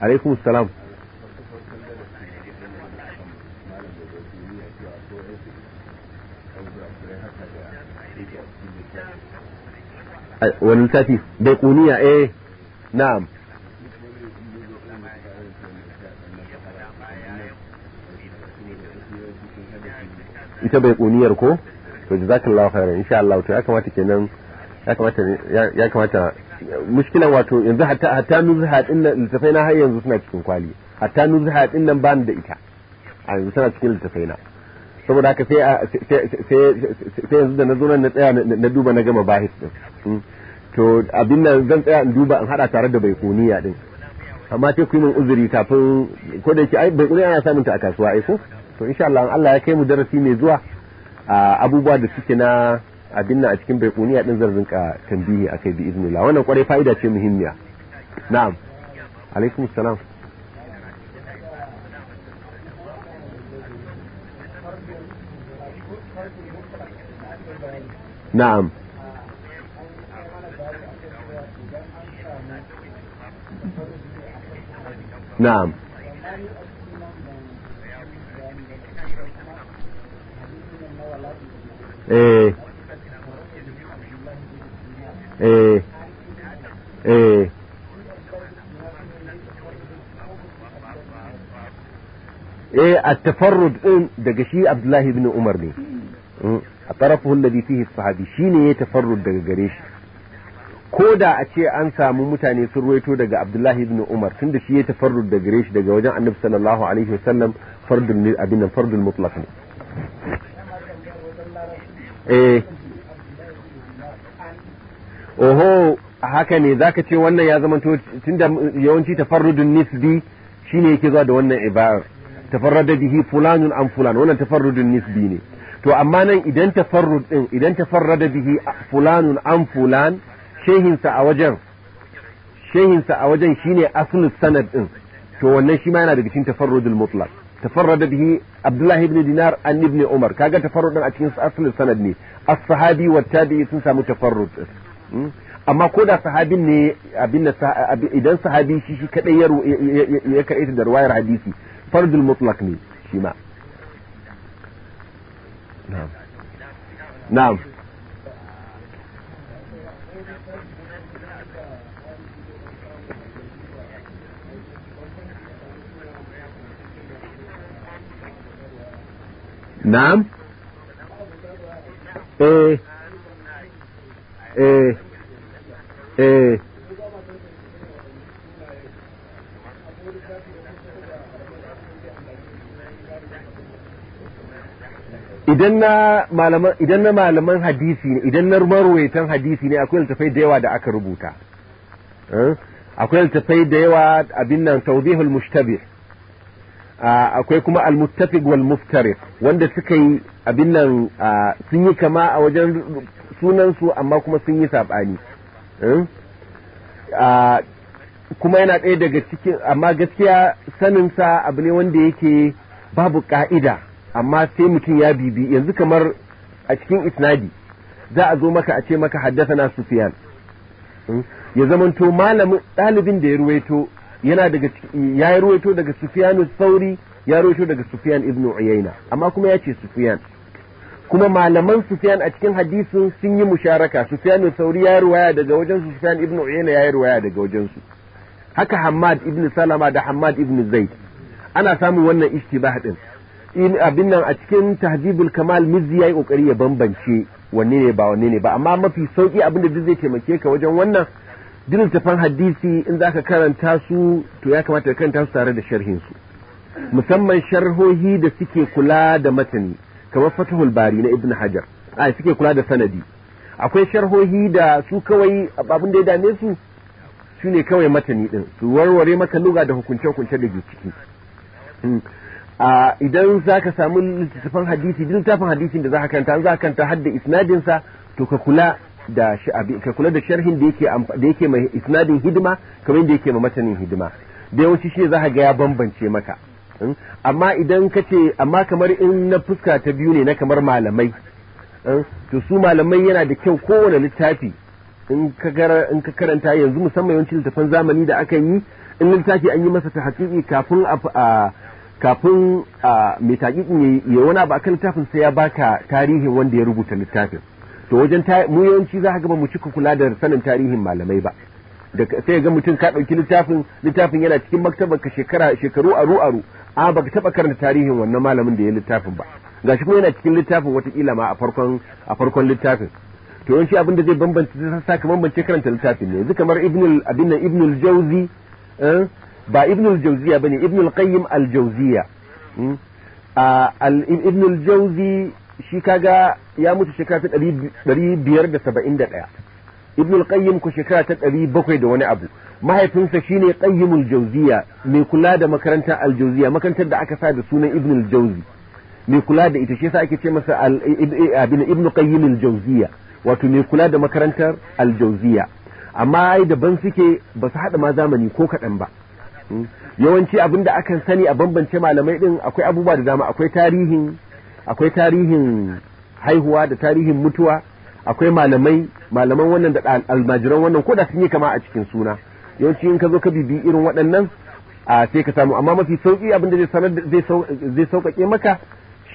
alaikum salam wani littafi bai kuniya eh na'am ita bai kuniyar ko to jazakallahu khairan insha Allah to ya kamata kenan ya kamata ya kamata mushkilan wato yanzu hatta nuzuha din nan littafai na har yanzu suna cikin kwali hatta nuzuha din nan ba ni da ita a yanzu suna cikin littafai na saboda haka sai sai yanzu da na zo nan na tsaya na duba na gama bahis din hmm. to abin nan zan tsaya in duba in hada tare da baikoniya din amma sai ku yi min uzuri kafin ko da yake ai baikoniya ana samun ta a kasuwa ai ko to insha Allah Allah ya kai mu darasi mai zuwa abubuwa da suke na abin nan a cikin baikuniya din zan rinka tambihi akai bi iznillah wannan kwarai fa'ida ce muhimmiya na'am alaikum salam na'am na'am eh eh eh eh at um, daga shi Abdullahi ibn Umar ne hmm. a tarafu alladhi fihi sahabi shine ya tafarrud daga gare ko da a ce an samu mutane sun ruwaito daga Abdullahi ibn Umar tunda shi ya tafarrud daga gare shi daga wajen Annabi sallallahu alaihi wasallam fardul abin fardul mutlaq ne eh oho haka ne zaka ce wannan ya zama tunda yawanci tafarrudun nisbi shine yake zuwa da wannan ibarar tafarrada bihi fulanun an fulan wannan tafarrudun nisbi ne to amma nan idan tafarrud din idan tafarrada bihi fulanun an fulan sa a wajen sa a wajen shine aslus sanad din to wannan shi ma yana daga cikin tafarrudul mutlaq tafarrada bihi abdullah ibn dinar an ibn umar kaga tafarrudin a cikin aslus sanad ne as-sahabi wa tabi'i sun samu tafarrud Hmm? amma ko da sahabin ne abinda idan sahabi shi shi kadai ya karɓe ta da ruwayar hadisi fardul mutlaq ne shi ma na'am na'am na'am eh eh eh idan na malaman idan na malaman hadisi ne idan na marwaitan hadisi ne akwai littafai da yawa da aka rubuta eh? akwai littafai da yawa abin nan tawdihul mushtabih Ah, akwai kuma al-muttafiq wal muftariq wanda suka yi abin nan ah, sun yi kama a wajen sunan su amma kuma sun yi sabani hmm? ah, kuma yana ɗaya daga cikin amma gaskiya sanin sa abu ne wanda yake babu ka'ida amma sai mutum ya bibi yanzu kamar a cikin isnadi za a zo maka a ce maka haddasa na sufiyan hmm? ya zamanto malamin ɗalibin da ya ruwaito yana daga ya ruwaito daga Sufiyanu sauri ya ruwaito daga Sufiyan ibn Uyayna amma kuma ya ce Sufiyan. kuma malaman Sufiyan a cikin hadisin sun yi musharaka Sufiyanu sauri ya ruwaya daga wajen su sufiyan ibn Uyayna ya ruwaya daga wajen su haka Hamad ibn Salama da Hamad ibn Zaid ana samun wannan ishtibah din in abin nan a cikin tahdibul kamal mizzi yayi kokari ya bambance wanne ne ba wanne ne ba amma mafi sauki abin da zai taimake ka wajen wannan Din littafan hadisi in za ka karanta su to ya kamata ka karanta su tare da sharhin su musamman sharhohi da suke kula da matani kamar fatahul bari na ibn hajar a suke kula da sanadi akwai sharhohi da su kawai abin da ya dame su su ne kawai matani din su warware maka luga da hukunce hukunce da ke ciki hmm. a idan za ka samu littafan hadisi din littafin hadisin da za ka karanta za ka karanta har da isnadinsa to ka kula da shi abi ka kula da sharhin da yake da yake mai isnadin hidima kamar yadda yake mai matanin hidima da yawanci shi za ka ga ya bambance maka hmm? amma idan ka ce amma kamar in na fuska ta biyu ne na kamar malamai hmm? to su malamai yana da kyau kowane littafi in ka karanta yanzu musamman yawancin littafan zamani da aka yi in littafi an yi masa ta haƙiƙi kafin a kafin a mai ya wani abu akan littafin sai ya baka tarihin wanda ya rubuta littafin to wajen mu yawanci za ka ga mu cika kula da sanin tarihin malamai ba da sai ga mutum ka ɗauki littafin littafin yana cikin maktabar ka shekara shekaru aru aru a baka taba karanta tarihin wannan malamin da ya littafin ba gashi kuma yana cikin littafin watakila ma a farkon a farkon littafin to yawanci abin da zai bambance zai sa ka bambance karanta littafin ne yanzu kamar ibnul abin nan ibnul jawzi eh? ba ibnul jawziya bane ibnul qayyim al jawziya hmm? al ibnul jawzi shi kaga ya mutu shekara ta ɗari biyar da saba'in ɗaya ibnul qayyim ku shekara ta ɗari bakwai da wani abu mahaifinsa shine qayyimul jauziya mai kula da makarantar aljauziya makarantar da aka sa da sunan ibnul jauzi mai kula da ita shi yasa ake ce masa ibn qayyim qayyimul jauziya wato mai kula da makarantar aljauziya amma ai da ban suke ba su hada ma zamani ko kaɗan ba hmm? yawanci abin da akan sani a bambance malamai din akwai abubuwa da dama akwai tarihin akwai tarihin haihuwa da tarihin mutuwa akwai malamai malaman wannan da almajiran wannan ko da sun yi kama a cikin suna yawanci in ka zo ka bibi irin waɗannan a sai ka samu amma mafi sauki abin da zai sauƙaƙe maka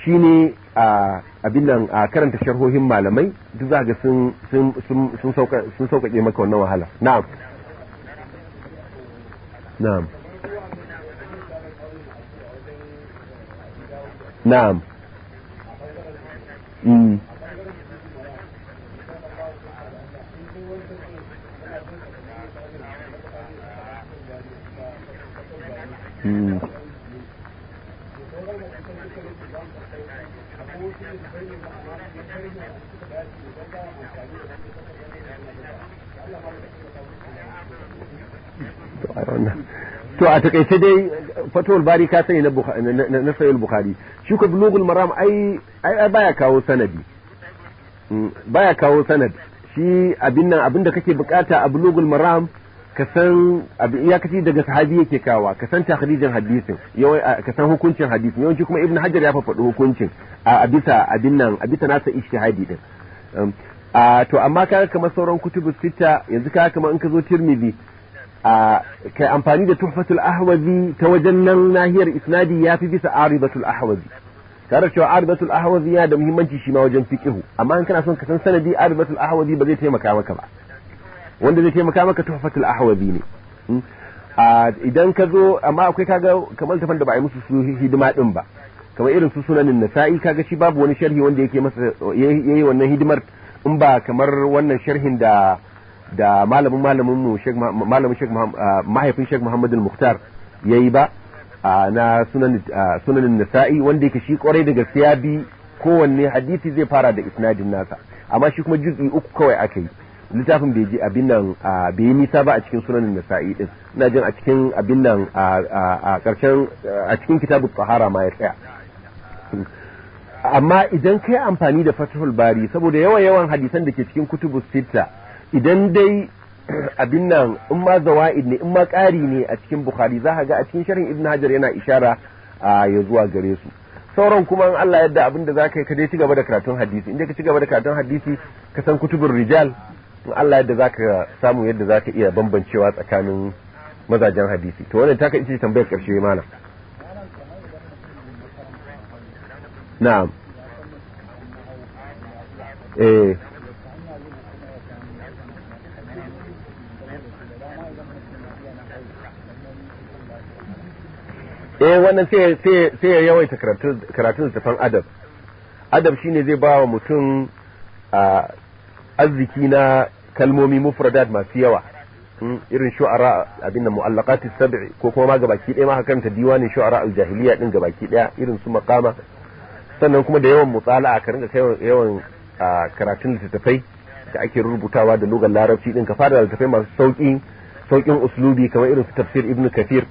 shine a abin nan a karanta sharhohin malamai duk za ga sun sauƙaƙe maka wannan wahala na'am na'am na'am to a wannan to a takaice dai fatowar bari ka sani na sayul bukhari shi ka bulugul maram ai ai baya kawo sanadi mm, baya kawo sanadi shi abin nan abin da kake bukata a bulugul maram ka san ya kace daga sahabi yake kawa ka san takhrijin hadisin ka san hukuncin hadisin yawanci kuma ibnu hajar ya faɗi hukuncin a bisa abin nan a bisa nasa ijtihadi din um, to amma kaga kamar sauran kutubu sita yanzu kaga kamar in ka zo tirmidhi a kai amfani da tuhfatul ahwazi ta wajen nan nahiyar isnadi ya fi bisa aribatul ahwazi tare cewa aribatul ahwazi yana da muhimmanci shi ma wajen fiqihu amma in kana son ka san sanadi aribatul ahwazi ba zai taimaka maka ba wanda zai taimaka maka tuhfatul ahwazi ne hmm? idan ka zo amma akwai kaga kamar tafan da ba a yi musu su hidima din ba kamar irin su sunanin nasa'i kaga shi babu wani sharhi wanda yake masa yayi wannan hidimar in ba kamar wannan sharhin da da malamin malamin mu malamin Sheikh ah, mahaifin Sheikh Muhammad al-Mukhtar yayi ba ah, na sunan ah, Nasa'i wanda yake shi kwarai da gaskiya bi kowanne hadisi zai fara da isnadin nasa amma shi kuma juz'i uku kawai aka yi littafin bai ji abin nan bai yi nisa ba a cikin sunan Nasa'i din ina jin a cikin abin nan a karshen a cikin kitabut tahara ma ya tsaya amma idan kai amfani da fathul bari saboda yawan yawan hadisan da ke cikin kutubus sita idan dai abin nan in ma zawa'id ne in ma ƙari ne a cikin bukhari za ka ga a cikin shirin ibn hajar yana ishara ya zuwa gare su sauran kuma in Allah yadda abin da za ka yi ka dai ci da karatun hadisi in dai ka ci gaba da karatun hadisi ka san kutubin rijal in Allah yadda za ka samu yadda za ka iya bambancewa tsakanin mazajen hadisi to wannan ta ka ce tambayar ƙarshe malam na'am eh eh wannan sai sai sai ya yawaita karatun karatun tafan adab adab shine zai bawa mutum arziki na kalmomi mufradat masu yawa hmm, irin shu'ara abin da mu'allaqati sab'i ko kuma ma gabaki ɗaya ma haka kanta diwanin shu'ara al-jahiliya din gabaki ɗaya irin su maqama sannan kuma da yawan mutsala'a ka ringa kai yawan karatun littattafai da ake rubutawa da lugar larabci din ka fara littattafai masu sauki saukin uslubi kamar irin su tafsir ibnu kathir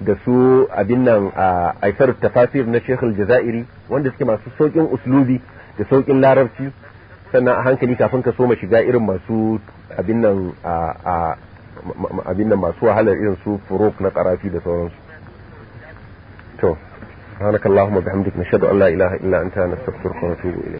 da su abin nan a aisar tafasir na Sheikh jazairi wanda suke masu saukin uslubi da saukin larabci sannan a hankali kafin ka soma shiga irin masu abin nan a abin nan masu wahalar irin su furuk na karafi da sauransu to subhanakallahumma bihamdika nashhadu an la ilaha illa anta nastaghfiruka wa natubu ilayk